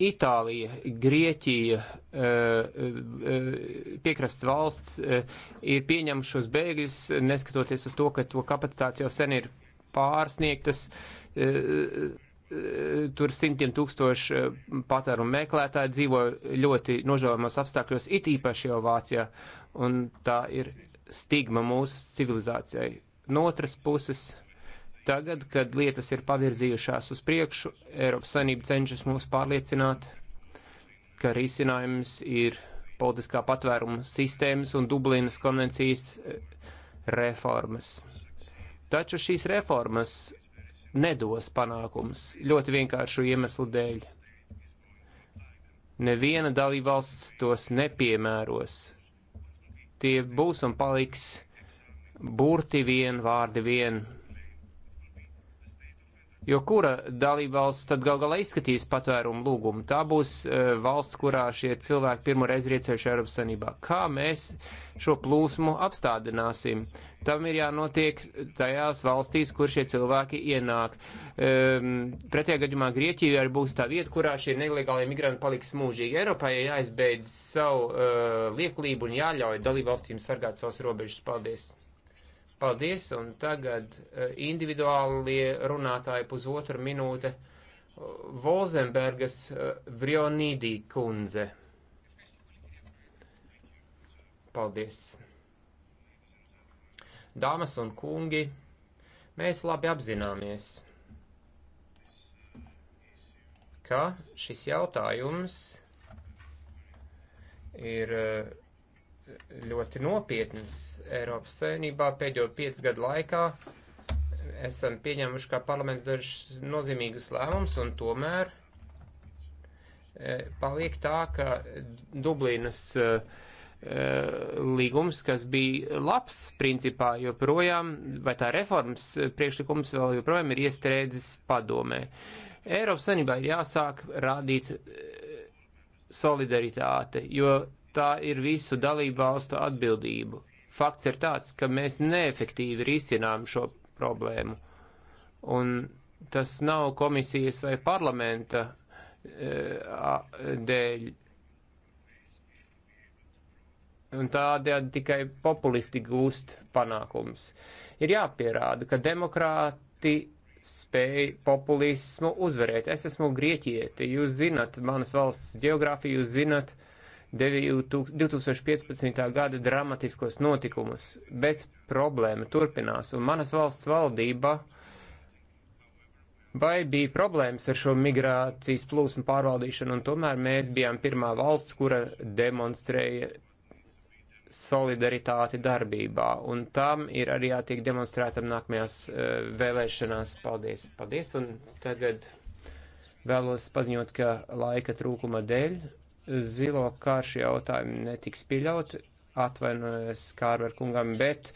Itālija, Grieķija, eh, eh, piekrasts valsts ir pieņemšos bēgļus, neskatoties uz to, ka to kapacitāts jau sen ir pārsniegtas tur simtiem tūkstoši eh, patērumu meklētāji dzīvo ļoti nožēlojamos apstākļos, it īpaši jau Vācijā, un tā ir stigma mūsu civilizācijai. No otras puses, tagad, kad lietas ir pavirzījušās uz priekšu, Eiropas Sanība cenšas mūs pārliecināt, ka risinājums ir politiskā patvēruma sistēmas un Dublinas konvencijas eh, reformas. Taču šīs reformas nedos panākums ļoti vienkāršu iemeslu dēļ. Neviena dalībvalsts tos nepiemēros. Tie būs un paliks burti vien, vārdi vien, Jo kura dalībvalsts tad gal galā izskatīs patvērumu lūgumu? Tā būs uh, valsts, kurā šie cilvēki pirmo reizi riecējuši Eiropas Sanībā. Kā mēs šo plūsmu apstādināsim? Tam ir jānotiek tajās valstīs, kur šie cilvēki ienāk. Um, Pretējā gadījumā Grieķija arī būs tā vieta, kurā šie nelegālie migranti paliks mūžīgi. Eiropai ir jāizbeidz savu uh, lieklību un jāļauj dalībvalstīm sargāt savus robežus. Paldies! Paldies, un tagad eh, individuālie runātāji pusotru minūte. Volzenbergas eh, Vrionīdī kundze. Paldies. Dāmas un kungi, mēs labi apzināmies, ka šis jautājums ir uh, ļoti nopietnas Eiropas saimnībā pēdējo piecu gadu laikā. Esam pieņēmuši kā parlaments dažus nozīmīgus lēmumus, un tomēr e, paliek tā, ka Dublīnas e, e, līgums, kas bija labs principā joprojām, vai tā reformas priekšlikums vēl joprojām ir iestrēdzis padomē. Eiropas saimnībā ir jāsāk rādīt solidaritāte, jo tā ir visu dalību valstu atbildību. Fakts ir tāds, ka mēs neefektīvi risinām šo problēmu. Un tas nav komisijas vai parlamenta e, dēļ. Un tādējādi tikai populisti gūst panākums. Ir jāpierāda, ka demokrāti spēj populismu uzvarēt. Es esmu grieķieti, jūs zinat manas valsts geogrāfiju, jūs zinat uh, 2015. gada dramatiskos notikumus, bet problēma turpinās, un manas valsts valdība vai bija problēmas ar šo migrācijas plūsmu pārvaldīšanu, un tomēr mēs bijām pirmā valsts, kura demonstrēja solidaritāti darbībā, un tam ir arī jātiek demonstrētam nākamajās uh, vēlēšanās. Paldies, paldies, un tagad vēlos paziņot, ka laika trūkuma dēļ zilo kāršu jautājumi netiks pieļaut, atvainojos Kārver kungam, bet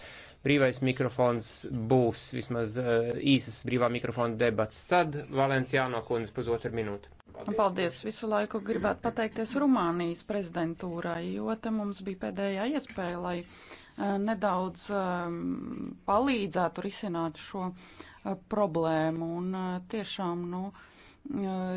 brīvais mikrofons būs vismaz eh, īsas brīvā mikrofona debats. Tad Valenciāno kundze pusotru minūtu. Paldies. Paldies! Visu laiku gribētu pateikties Rumānijas prezidentūrai, jo te mums bija pēdējā iespēja, lai uh, nedaudz um, palīdzētu risināt šo uh, problēmu. Un uh, tiešām, nu, uh,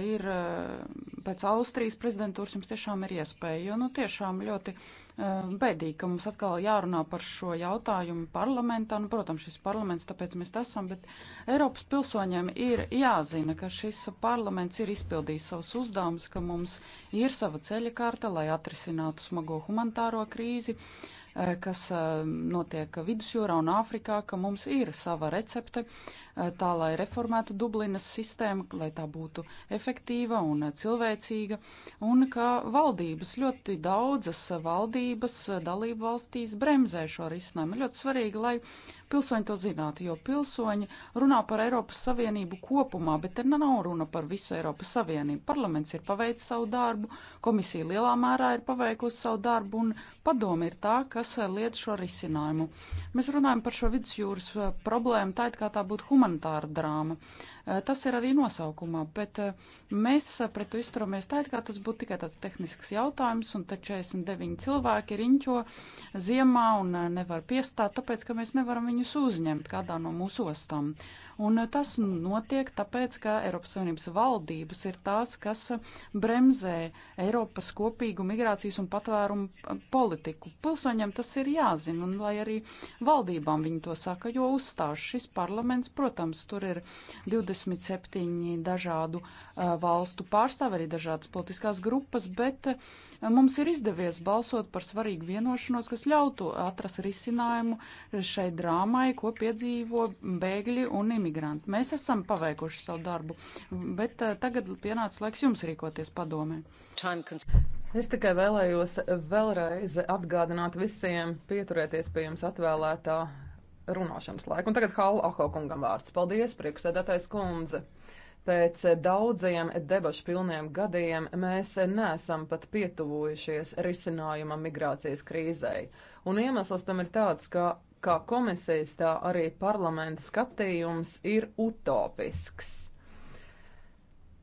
ir eh, pēc Austrijas prezidentūras jums tiešām ir iespēja, jo nu tiešām ļoti eh, bēdīgi, ka mums atkal jārunā par šo jautājumu parlamentā. Nu, protams, šis parlaments, tāpēc mēs esam, bet Eiropas pilsoņiem ir jāzina, ka šis parlaments ir izpildījis savus uzdevumus, ka mums ir sava ceļa karta, lai atrisinātu smago humanitāro krīzi eh, kas notiek vidusjūrā un Āfrikā, ka mums ir sava recepte, Eh, tā lai reformētu Dublinas sistēmu, lai tā būtu efektīva un cilvēcīga, un ka valdības, ļoti daudzas valdības eh, dalību valstīs bremzē šo risinājumu. Ļoti svarīgi, lai pilsoņi to zinātu, jo pilsoņi runā par Eiropas Savienību kopumā, bet te nav runa par visu Eiropas Savienību. Parlaments ir paveicis savu darbu, komisija lielā mērā ir paveikusi savu darbu, un padomi ir tā, kas eh, liet šo risinājumu. Mēs runājam par šo vidusjūras problēmu, tā it kā tā būtu humanitāra humanitāra drāma. Eh, tas ir arī nosaukumā, bet eh, mēs pret to izturamies tā, it kā tas būtu tikai tāds tehnisks jautājums, un te 49 cilvēki riņķo ziemā un eh, nevar piestāt, tāpēc, ka mēs nevaram viņus uzņemt kādā no mūsu ostām. Un tas notiek tāpēc, ka Eiropas Savienības valdības ir tās, kas bremzē Eiropas kopīgu migrācijas un patvērumu politiku. Pilsoņiem tas ir jāzina, un lai arī valdībām viņi to saka, jo uzstāž šis parlaments, protams, tur ir 20. 27 dažādu uh, valstu pārstāvi, arī dažādas politiskās grupas, bet uh, mums ir izdevies balsot par svarīgu vienošanos, kas ļautu atrast risinājumu šai drāmai, ko piedzīvo bēgļi un imigranti. Mēs esam paveikuši savu darbu, bet uh, tagad pienāca laiks jums rīkoties padomē. Es tikai vēlējos vēlreiz atgādināt visiem pieturēties pie jums atvēlētā runāšanas laiku. Un tagad Halla Aho kungam vārds. Paldies, priekšsēdētājs kundze. Pēc daudziem debašu pilniem gadiem mēs neesam pat pietuvojušies risinājumam migrācijas krīzei. Un iemesls tam ir tāds, ka kā komisijas, tā arī parlamenta skatījums ir utopisks.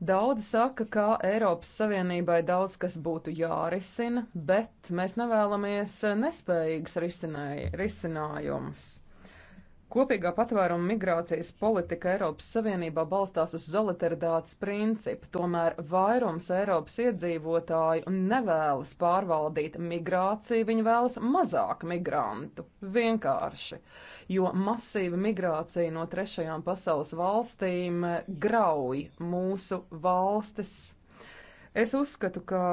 Daudzi saka, ka Eiropas Savienībai daudz kas būtu jārisina, bet mēs nevēlamies nespējīgus risinēj, risinājumus. Kopīgā patvēruma migrācijas politika Eiropas Savienībā balstās uz solidaritātes principu, tomēr vairums Eiropas iedzīvotāju nevēlas pārvaldīt migrāciju, viņi vēlas mazāk migrantu. Vienkārši, jo masīva migrācija no trešajām pasaules valstīm grauj mūsu valstis. Es uzskatu, ka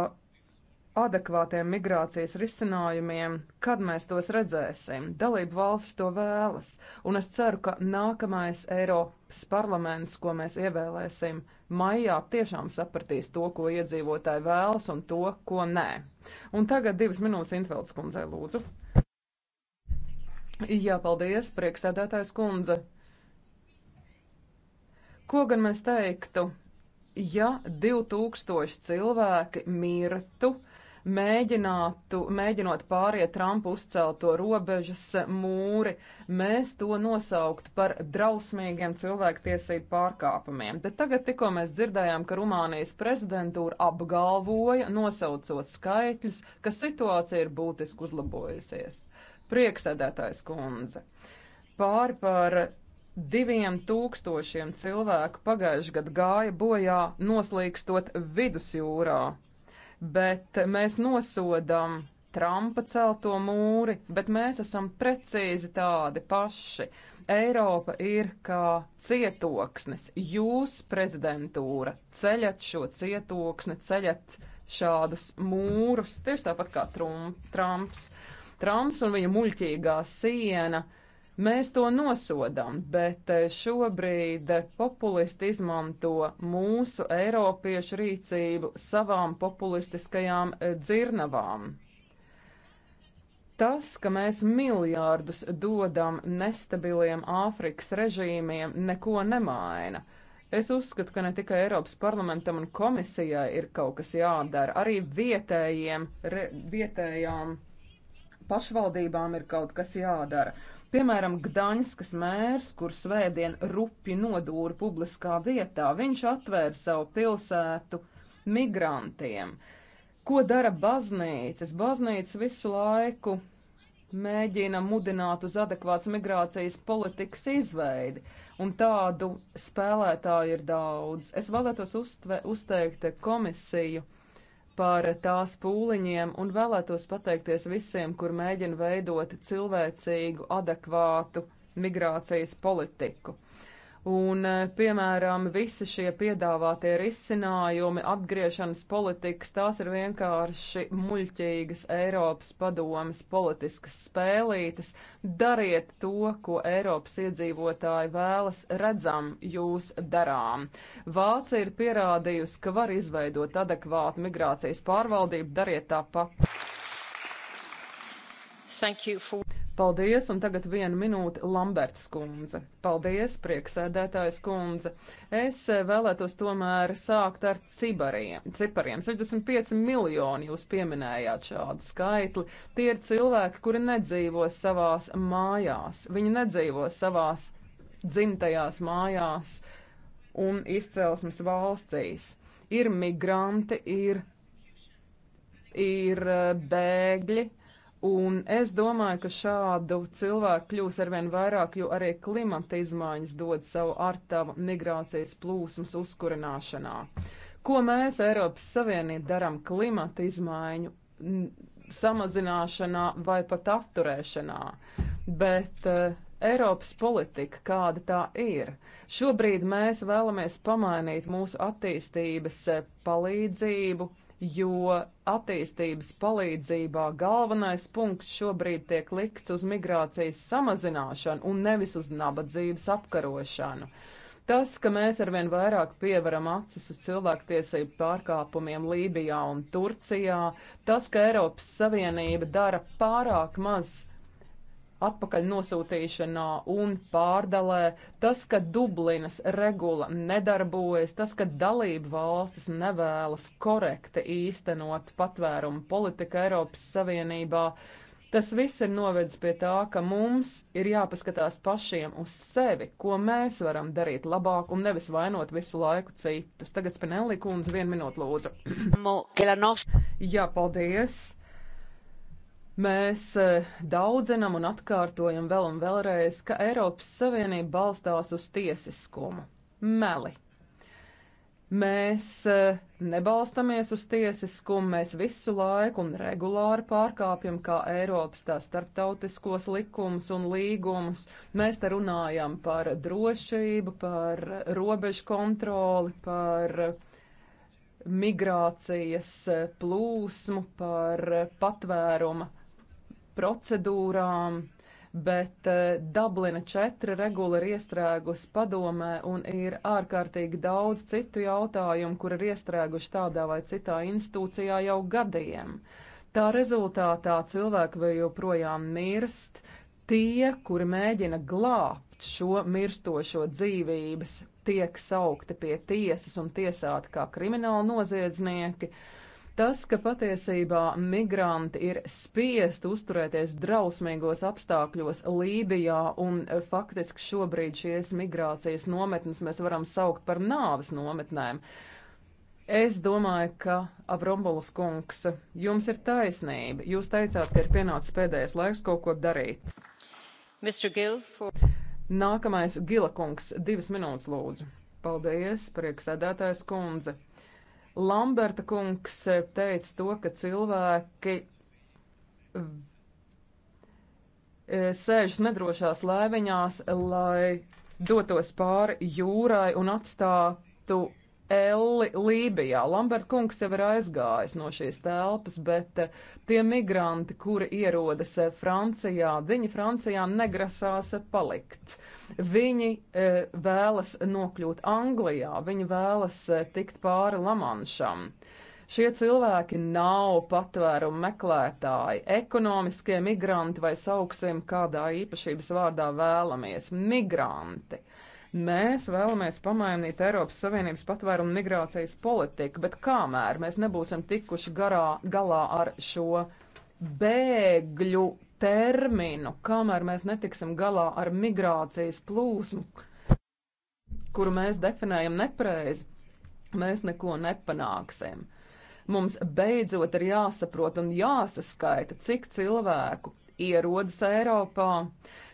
adekvātiem migrācijas risinājumiem, kad mēs tos redzēsim. Dalību valsts to vēlas, un es ceru, ka nākamais Eiropas parlaments, ko mēs ievēlēsim maijā, tiešām sapratīs to, ko iedzīvotāji vēlas un to, ko nē. Un tagad divas minūtes Intveldes kundzei lūdzu. Jā, paldies, prieksēdētājs kundze. Ko gan mēs teiktu, ja 2000 cilvēki mirtu? mēģinātu, mēģinot pāriet Trumpa uzcelto robežas mūri, mēs to nosauktu par drausmīgiem cilvēktiesību pārkāpumiem. Bet tagad tikko mēs dzirdējām, ka Rumānijas prezidentūra apgalvoja, nosaucot skaitļus, ka situācija ir būtiski uzlabojusies. Prieksēdētājs kundze. Pāri par diviem tūkstošiem cilvēku pagājuši gadu gāja bojā noslīkstot vidusjūrā bet mēs nosodam Trumpa celto mūri, bet mēs esam precīzi tādi paši. Eiropa ir kā cietoksnis. Jūs, prezidentūra, ceļat šo cietoksni, ceļat šādus mūrus, tieši tāpat kā Trumps. Trumps un viņa muļķīgā siena Mēs to nosodam, bet eh, šobrīd populisti izmanto mūsu eiropiešu rīcību savām populistiskajām eh, dzirnavām. Tas, ka mēs miljārdus dodam nestabiliem Āfrikas režīmiem, neko nemaina. Es uzskatu, ka ne tikai Eiropas parlamentam un komisijai ir kaut kas jādara, arī vietējiem, re, vietējām pašvaldībām ir kaut kas jādara. Piemēram, Gdaņskas mērs, kur svētdien rupi nodūra publiskā vietā, viņš atvēra savu pilsētu migrantiem. Ko dara baznīcas? Baznīcas visu laiku mēģina mudināt uz adekvāts migrācijas politikas izveidi, un tādu spēlētāju ir daudz. Es vēlētos uztve, uzteikt komisiju par tās pūliņiem un vēlētos pateikties visiem, kur mēģina veidot cilvēcīgu, adekvātu migrācijas politiku. Un, eh, piemēram, visi šie piedāvātie risinājumi, apgriešanas politikas, tās ir vienkārši muļķīgas Eiropas padomas politiskas spēlītes. Dariet to, ko Eiropas iedzīvotāji vēlas, redzam, jūs darām. Vācija ir pierādījusi, ka var izveidot adekvātu migrācijas pārvaldību, dariet tāpat. For... Paldies, un tagad viena minūte Lamberts kundze. Paldies, prieksēdētājs kundze. Es eh, vēlētos tomēr sākt ar cibariem, cipariem. 65 miljoni jūs pieminējāt šādu skaitli. Tie ir cilvēki, kuri nedzīvo savās mājās. Viņi nedzīvo savās dzimtajās mājās un izcelsmes valstīs. Ir migranti, ir, ir eh, bēgļi Un es domāju, ka šādu cilvēku kļūs arvien vairāk, jo arī klimata izmaiņas dod savu artavu migrācijas plūsmas uzkurināšanā. Ko mēs Eiropas Savienība daram klimata izmaiņu samazināšanā vai pat apturēšanā? Bet uh, Eiropas politika, kāda tā ir, šobrīd mēs vēlamies pamainīt mūsu attīstības eh, palīdzību jo attīstības palīdzībā galvenais punkts šobrīd tiek likts uz migrācijas samazināšanu un nevis uz nabadzības apkarošanu. Tas, ka mēs arvien vairāk pievaram acis uz cilvēktiesību pārkāpumiem Lībijā un Turcijā, tas, ka Eiropas Savienība dara pārāk maz atpakaļ nosūtīšanā un pārdalē, tas, ka Dublinas regula nedarbojas, tas, ka dalību valstis nevēlas korekti īstenot patvērumu politiku Eiropas Savienībā, Tas viss ir novedis pie tā, ka mums ir jāpaskatās pašiem uz sevi, ko mēs varam darīt labāk un nevis vainot visu laiku citus. Tagad Spinelli kundze, vienu minūtu lūdzu. Jā, paldies! Mēs e, daudzinam un atkārtojam vēl un vēlreiz, ka Eiropas Savienība balstās uz tiesiskumu. Meli. Mēs e, nebalstamies uz tiesiskumu, mēs visu laiku un regulāri pārkāpjam kā Eiropas tā starptautiskos likumus un līgumus. Mēs te runājam par drošību, par robežu kontroli, par migrācijas e, plūsmu, par patvēruma procedūrām, bet eh, Dublina 4 regula ir iestrēgusi padomē un ir ārkārtīgi daudz citu jautājumu, kur ir iestrēguši tādā vai citā institūcijā jau gadiem. Tā rezultātā cilvēki vēl joprojām mirst, tie, kuri mēģina glābt šo mirstošo dzīvības, tiek saukti pie tiesas un tiesāti kā krimināli noziedznieki. Uh, Tas, ka patiesībā migranti ir spiest uzturēties drausmīgos apstākļos Lībijā un e, faktiski šobrīd šīs migrācijas nometnes mēs varam saukt par nāves nometnēm. Es domāju, ka Avrombolas kungs, jums ir taisnība. Jūs teicāt, ka ir pienācis pēdējais laiks kaut ko darīt. Gill, for... Nākamais Gila kungs, divas minūtes lūdzu. Paldies, prieksēdētājs kundze. Lamberta kungs eh, teica to, ka cilvēki eh, sēžas nedrošās laiviņās, lai dotos pāri jūrai un atstātu Elli Lībijā. Lambert kungs jau ir aizgājis no šīs telpas, bet eh, tie migranti, kuri ierodas eh, Francijā, viņi Francijā negrasās palikt. Viņi e, vēlas nokļūt Anglijā, viņi vēlas tikt pāri Lamanšam. Šie cilvēki nav patvērumu meklētāji, ekonomiskie migranti vai sauksim kādā īpašības vārdā vēlamies - migranti. Mēs vēlamies pamainīt Eiropas Savienības patvērumu migrācijas politiku, bet kamēr mēs nebūsim tikuši garā, galā ar šo bēgļu terminu, kamēr mēs netiksim galā ar migrācijas plūsmu, kuru mēs definējam nepareizi, mēs neko nepanāksim. Mums beidzot ir jāsaprot un jāsaskaita, cik cilvēku ierodas Eiropā.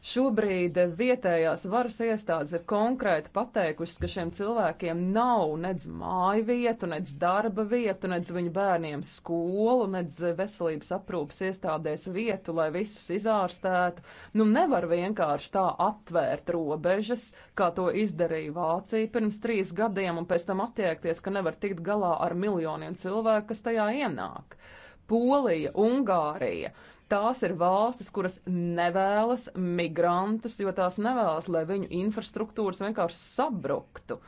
Šobrīd vietējās varas iestādes ir konkrēti pateikušas, ka šiem cilvēkiem nav nedz māju vietu, nedz darba vietu, nedz viņu bērniem skolu, nedz veselības aprūpas iestādēs vietu, lai visus izārstētu. Nu nevar vienkārši tā atvērt robežas, kā to izdarīja Vācija pirms trīs gadiem, un pēc tam attiekties, ka nevar tikt galā ar miljoniem cilvēku, kas tajā ienāk. Polija, Ungārija. Tās ir valstis, kuras nevēlas migrantus, jo tās nevēlas, lai viņu infrastruktūras vienkārši sabruktu.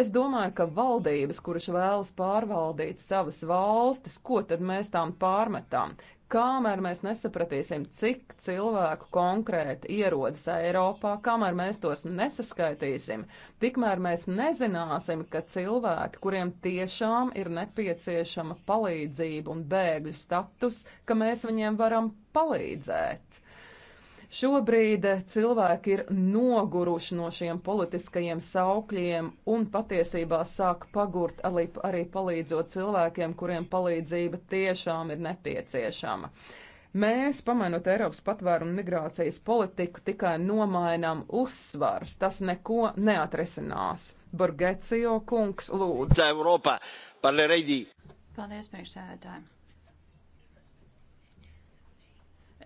Es domāju, ka valdības, kuras vēlas pārvaldīt savas valstis, ko tad mēs tām pārmetām? Kamēr mēs nesapratīsim, cik cilvēku konkrēti ierodas Eiropā, kamēr mēs tos nesaskaitīsim, tikmēr mēs nezināsim, ka cilvēki, kuriem tiešām ir nepieciešama palīdzība un bēgļu status, ka mēs viņiem varam palīdzēt. Šobrīd cilvēki ir noguruši no šiem politiskajiem saukļiem un patiesībā sāk pagurt arī, arī palīdzot cilvēkiem, kuriem palīdzība tiešām ir nepieciešama. Mēs, pamainot Eiropas patvēru un migrācijas politiku, tikai nomainām uzsvars. Tas neko neatrisinās. Borgecijo kungs lūdzu. Paldies, priekšsēdētāji.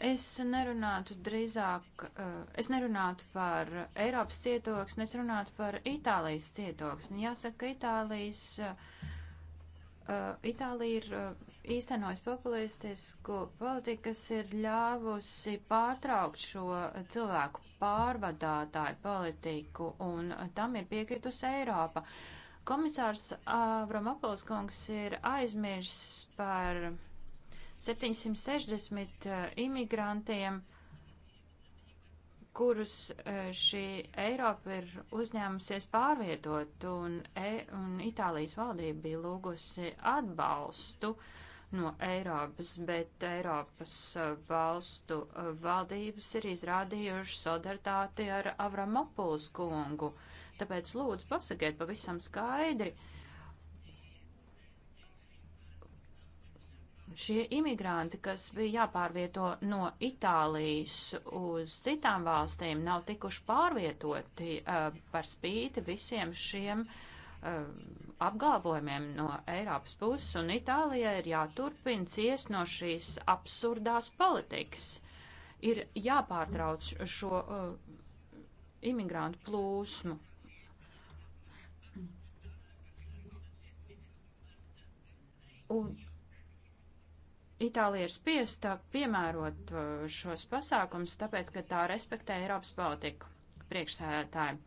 Es nerunātu drīzāk, eh, es nerunātu par Eiropas cietoksni, es runātu par Itālijas cietoksni. Jāsaka, Itālijas, eh, Itālija ir eh, īstenojis populistisku politiku, kas ir ļāvusi pārtraukt šo cilvēku pārvadātāju politiku, un tam ir piekritusi Eiropa. Komisārs Avramopoulos kungs ir aizmirsis par 760 eh, imigrantiem, kurus eh, šī Eiropa ir uzņēmusies pārvietot, un, e, un Itālijas valdība bija lūgusi atbalstu no Eiropas, bet Eiropas eh, valstu valdības ir izrādījušas solidaritāti ar Avramopuls kungu. Tāpēc lūdzu pasakiet pavisam skaidri, uh, Šie imigranti, kas bija jāpārvieto no Itālijas uz citām valstīm, nav tikuši pārvietoti uh, par spīti visiem šiem uh, apgalvojumiem no Eiropas puses, un Itālijai ir jāturpina ciest no šīs absurdās politikas. Ir jāpārtrauc šo uh, imigrantu plūsmu. Un Itālija ir spiesta piemērot uh, šos pasākums, tāpēc, ka tā respektē Eiropas politiku priekšsēdētāji.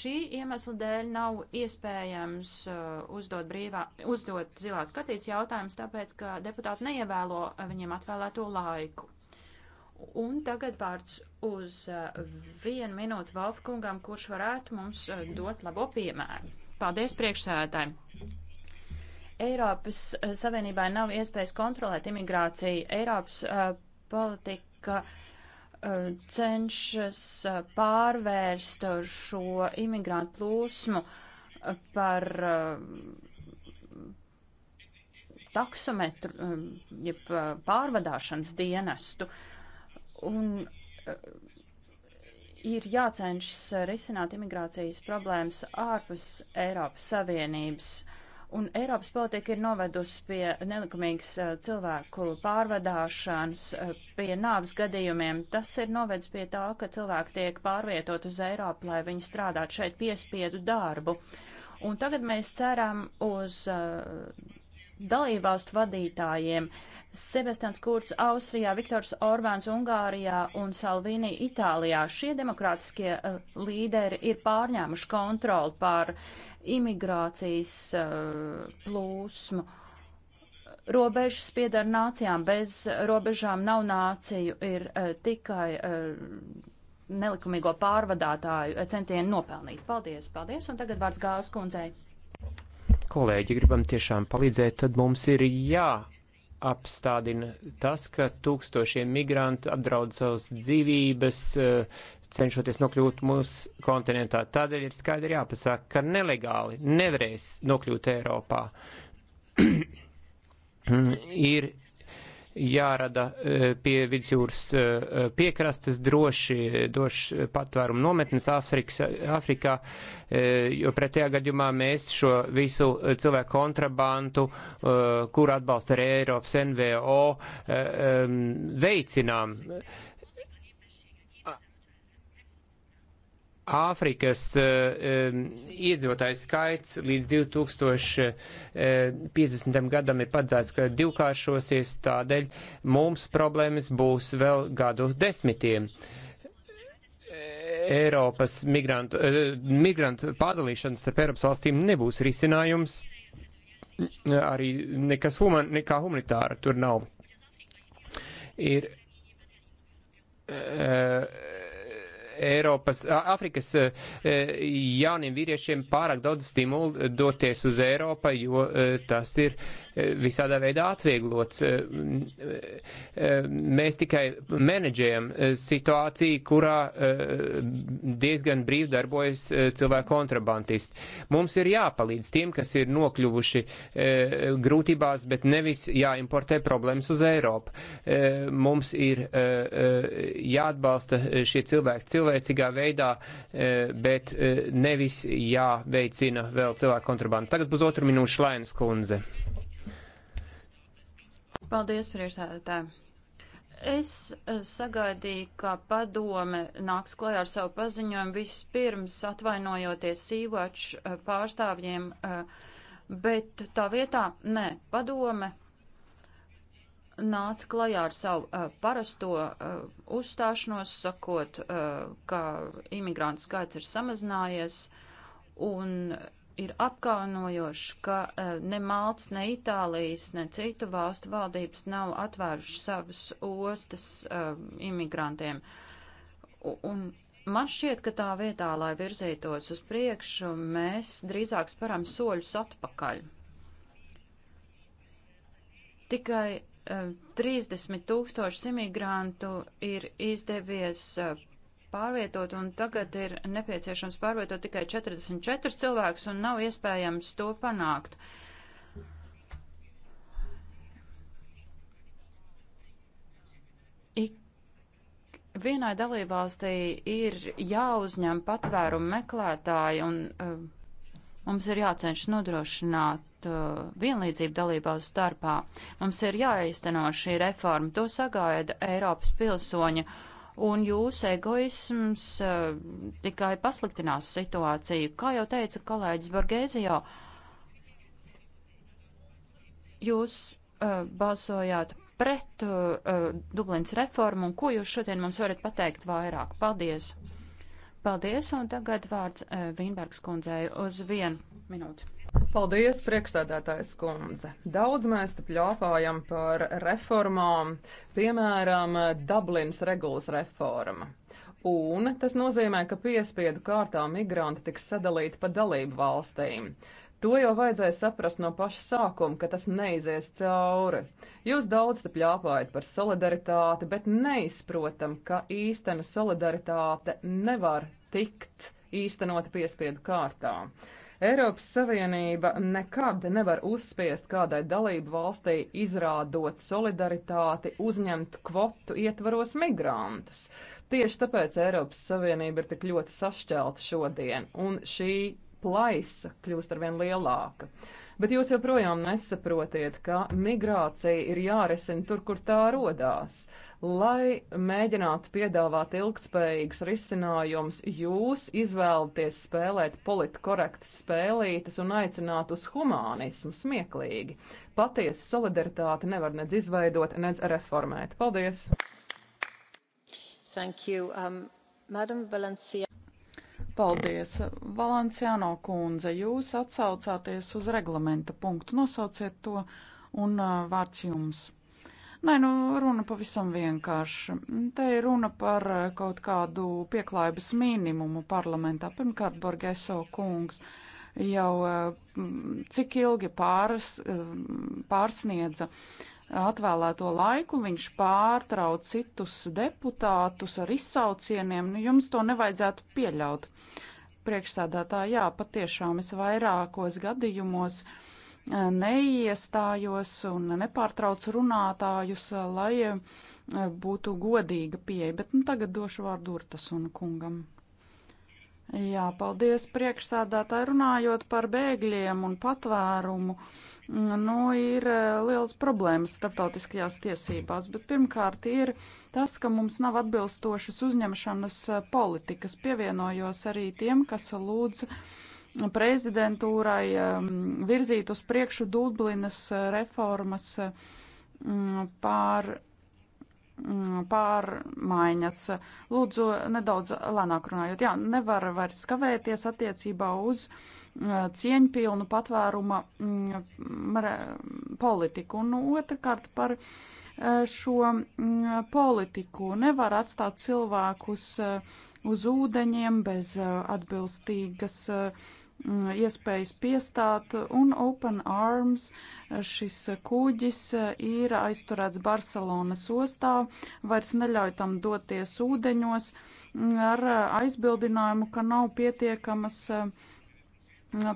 Šī iemesla dēļ nav iespējams uh, uzdot, brīvā, uzdot zilā skatīts jautājums, tāpēc, ka deputāti neievēlo uh, viņiem atvēlēto laiku. Un tagad vārds uz uh, vienu minūtu Valfkungam, kurš varētu mums uh, dot labo piemēru. Paldies priekšsēdētāji! Eiropas eh, Savienībai nav iespējas kontrolēt imigrāciju. Eiropas uh, politika uh, cenšas uh, pārvērst šo imigrantu plūsmu par taksometru, jeb pārvadāšanas dienestu. Un ir jācenšas risināt imigrācijas problēmas ārpus Eiropas Savienības. Uh, Un Eiropas politika ir novedusi pie nelikumīgas eh, cilvēku pārvadāšanas, eh, pie nāves gadījumiem. Tas ir novedis pie tā, ka cilvēki tiek pārvietot uz Eiropu, lai viņi strādātu šeit piespiedu darbu. Un tagad mēs ceram uz uh, dalībvalstu vadītājiem uh, Sebastians Kurts Austrijā, Viktors Orbāns Ungārijā un Salvini Itālijā. Šie demokrātiskie uh, līderi ir pārņēmuši kontroli pār imigrācijas uh, plūsmu. Robežas piedara nācijām, bez robežām nav nāciju, ir uh, tikai nelikumīgo pārvadātāju centieni nopelnīt. Paldies, paldies, un tagad vārds Gāzes kundzei kolēģi gribam tiešām palīdzēt, tad mums ir jā apstādina tas, ka tūkstošiem migrantu apdraud savas dzīvības, eh, cenšoties nokļūt mūsu kontinentā. Tādēļ ir skaidri jāpasaka, ka nelegāli nevarēs nokļūt Eiropā. *clears throat* ir jārada eh, pie vidusjūras eh, piekrastes droši, droši patvērumu nometnes Āfrikas, Āfrikā, eh, jo pretējā gadījumā mēs šo visu cilvēku kontrabantu, kur atbalsta arī Eiropas NVO, veicinām. Āfrikas uh, iedzīvotājs skaits līdz 2050. gadam ir paredzēts, ka divkāršosies, tādēļ mums problēmas būs vēl gadu desmitiem. Eiropas migrantu, uh, migrantu pārdalīšanas starp Eiropas valstīm nebūs risinājums, arī nekas human, nekā humanitāra tur nav. Ir, uh, Eiropas, Afrikas e, e, jauniem vīriešiem pārāk daudz stimulu doties uz Eiropu, jo e, tas ir visādā veidā atvieglots. Eh, eh, mēs tikai menedžējam eh, situāciju, kurā diezgan brīvi darbojas cilvēku kontrabandisti. Mums ir jāpalīdz tiem, kas ir nokļuvuši grūtībās, bet nevis jāimportē problēmas uz Eiropu. Mums ir jāatbalsta šie cilvēki cilvēcīgā veidā, bet nevis jāveicina vēl cilvēku kontrabandu. Tagad pusotru minūšu Lainas kundze. Paldies, priekšsēdētāji! Es eh, sagaidīju, ka padome nāks klajā ar savu paziņojumu vispirms atvainojoties sīvačs eh, pārstāvjiem, eh, bet tā vietā, nē, padome nāca klajā ar savu parasto uzstāšanos, sakot, ka imigrantu skaits ir samazinājies un ir apkaunojoši, ka eh, ne Maltas, ne Itālijas, ne citu valstu valdības nav atvēruši savus ostas uh, imigrantiem. Un man šķiet, ka tā vietā, lai virzītos uz priekšu, mēs drīzāk speram soļus atpakaļ. Tikai uh, eh, 30 tūkstoši imigrantu ir izdevies uh, pārvietot, un tagad ir nepieciešams pārvietot tikai 44 cilvēkus, un nav iespējams to panākt. Ik vienai dalībvalstī ir jāuzņem patvērumu meklētāji, un uh, mums ir jācenšas nodrošināt uh, vienlīdzību dalībvalstu starpā. Mums ir jāizteno šī reforma, to sagaida Eiropas pilsoņi. Uh, un jūsu egoisms uh, tikai pasliktinās situāciju. Kā jau teica kolēģis Borgēzijā, jūs uh, balsojāt pret uh, Dublins reformu, un ko jūs šodien mums varat pateikt vairāk? Paldies! Paldies, un tagad vārds uh, Vīnbergs kundzei uz vienu minūti. Paldies, priekšsēdētājs kundze. Daudz mēs te pļāpājam par reformām, piemēram, Dublinas regulas reforma. Un tas nozīmē, ka piespiedu kārtā migranti tiks sadalīti pa dalību valstīm. To jau vajadzēja saprast no paša sākuma, ka tas neizies cauri. Jūs daudz te pļāpājat par solidaritāti, bet neizprotam, ka īstenu solidaritāte nevar tikt īstenota piespiedu kārtā. Uh, Eiropas Savienība nekad nevar uzspiest kādai dalību valstī izrādot solidaritāti, uzņemt kvotu ietvaros migrantus. Tieši tāpēc Eiropas Savienība ir tik ļoti sašķelta šodien, un šī plaisa kļūst arvien lielāka. Bet jūs joprojām nesaprotiet, ka migrācija ir jārisina tur, kur tā rodās. Lai mēģinātu piedāvāt ilgspējīgus risinājumus, jūs izvēlaties spēlēt politkorektas spēlītes un aicināt uz humānismu smieklīgi. Patiesu solidaritāti nevar nedz izveidot, nedz reformēt. Paldies! Thank you. Um, Madam Valencia. Paldies, Valenciāno kundze, jūs atsaucāties uz reglamenta punktu, nosauciet to un uh, vārds jums. Nē, nu runa pavisam vienkārši. Te ir runa par uh, kaut kādu pieklājības minimumu parlamentā. Pirmkārt, Borgeso kungs jau uh, cik ilgi pāris, pārsniedza uh, atvēlēto laiku viņš pārtrauc citus deputātus ar izsaucieniem. Nu, jums to nevajadzētu pieļaut. Priekšsādātā, jā, patiešām es vairākos gadījumos eh, neiestājos un nepārtraucu runātājus, eh, lai eh, būtu godīga pieeja. Bet nu, tagad došu vārdu Urtas un kungam. Jā, paldies priekšsādātāji runājot par bēgļiem un patvērumu. Nu, ir e, liels problēmas starptautiskajās tiesībās, bet pirmkārt ir tas, ka mums nav atbilstošas uzņemšanas e, politikas. Pievienojos arī tiem, kas lūdz prezidentūrai e, virzīt uz priekšu Dublinas reformas pār Mm, pārmaiņas. Lūdzu, nedaudz lēnāk runājot. Jā, nevar vairs skavēties attiecībā uz mm, cieņpilnu patvēruma mm, politiku. Un otrkārt par e, šo politiku nevar atstāt cilvēkus e, uz ūdeņiem bez e, atbilstīgas iespējas piestāt, un Open Arms šis kūģis ir aizturēts Barcelonas ostā, vairs neļauj tam doties ūdeņos ar aizbildinājumu, ka nav pietiekamas uh,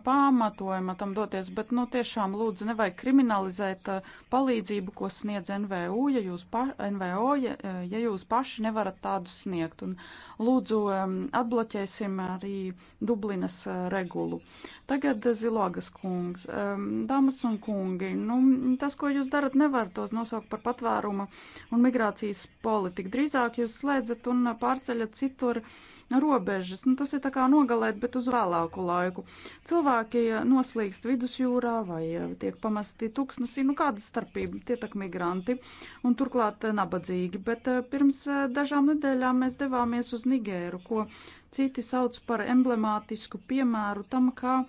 pamatojuma tam doties, bet nu, tiešām lūdzu nevajag kriminalizēt eh, palīdzību, ko sniedz NVU, ja jūs, pa, NVO, ja, eh, ja jūs paši nevarat tādu sniegt. Un lūdzu atbloķēsim arī Dublinas eh, regulu. Tagad Zilogas kungs, dāmas un kungi, nu, tas, ko jūs darat, nevar tos nosaukt par patvēruma un migrācijas politiku. Drīzāk jūs slēdzat un pārceļat citur. Uh, robežas. Nu, tas ir tā kā nogalēt, bet uz vēlāku laiku. Cilvēki noslīgst vidusjūrā vai tiek pamesti tuksnesī, nu kāda starpība, tie tak migranti un turklāt eh, nabadzīgi. Bet eh, pirms eh, dažām nedēļām mēs devāmies uz Nigēru, ko citi sauc par emblemātisku piemēru tam, kā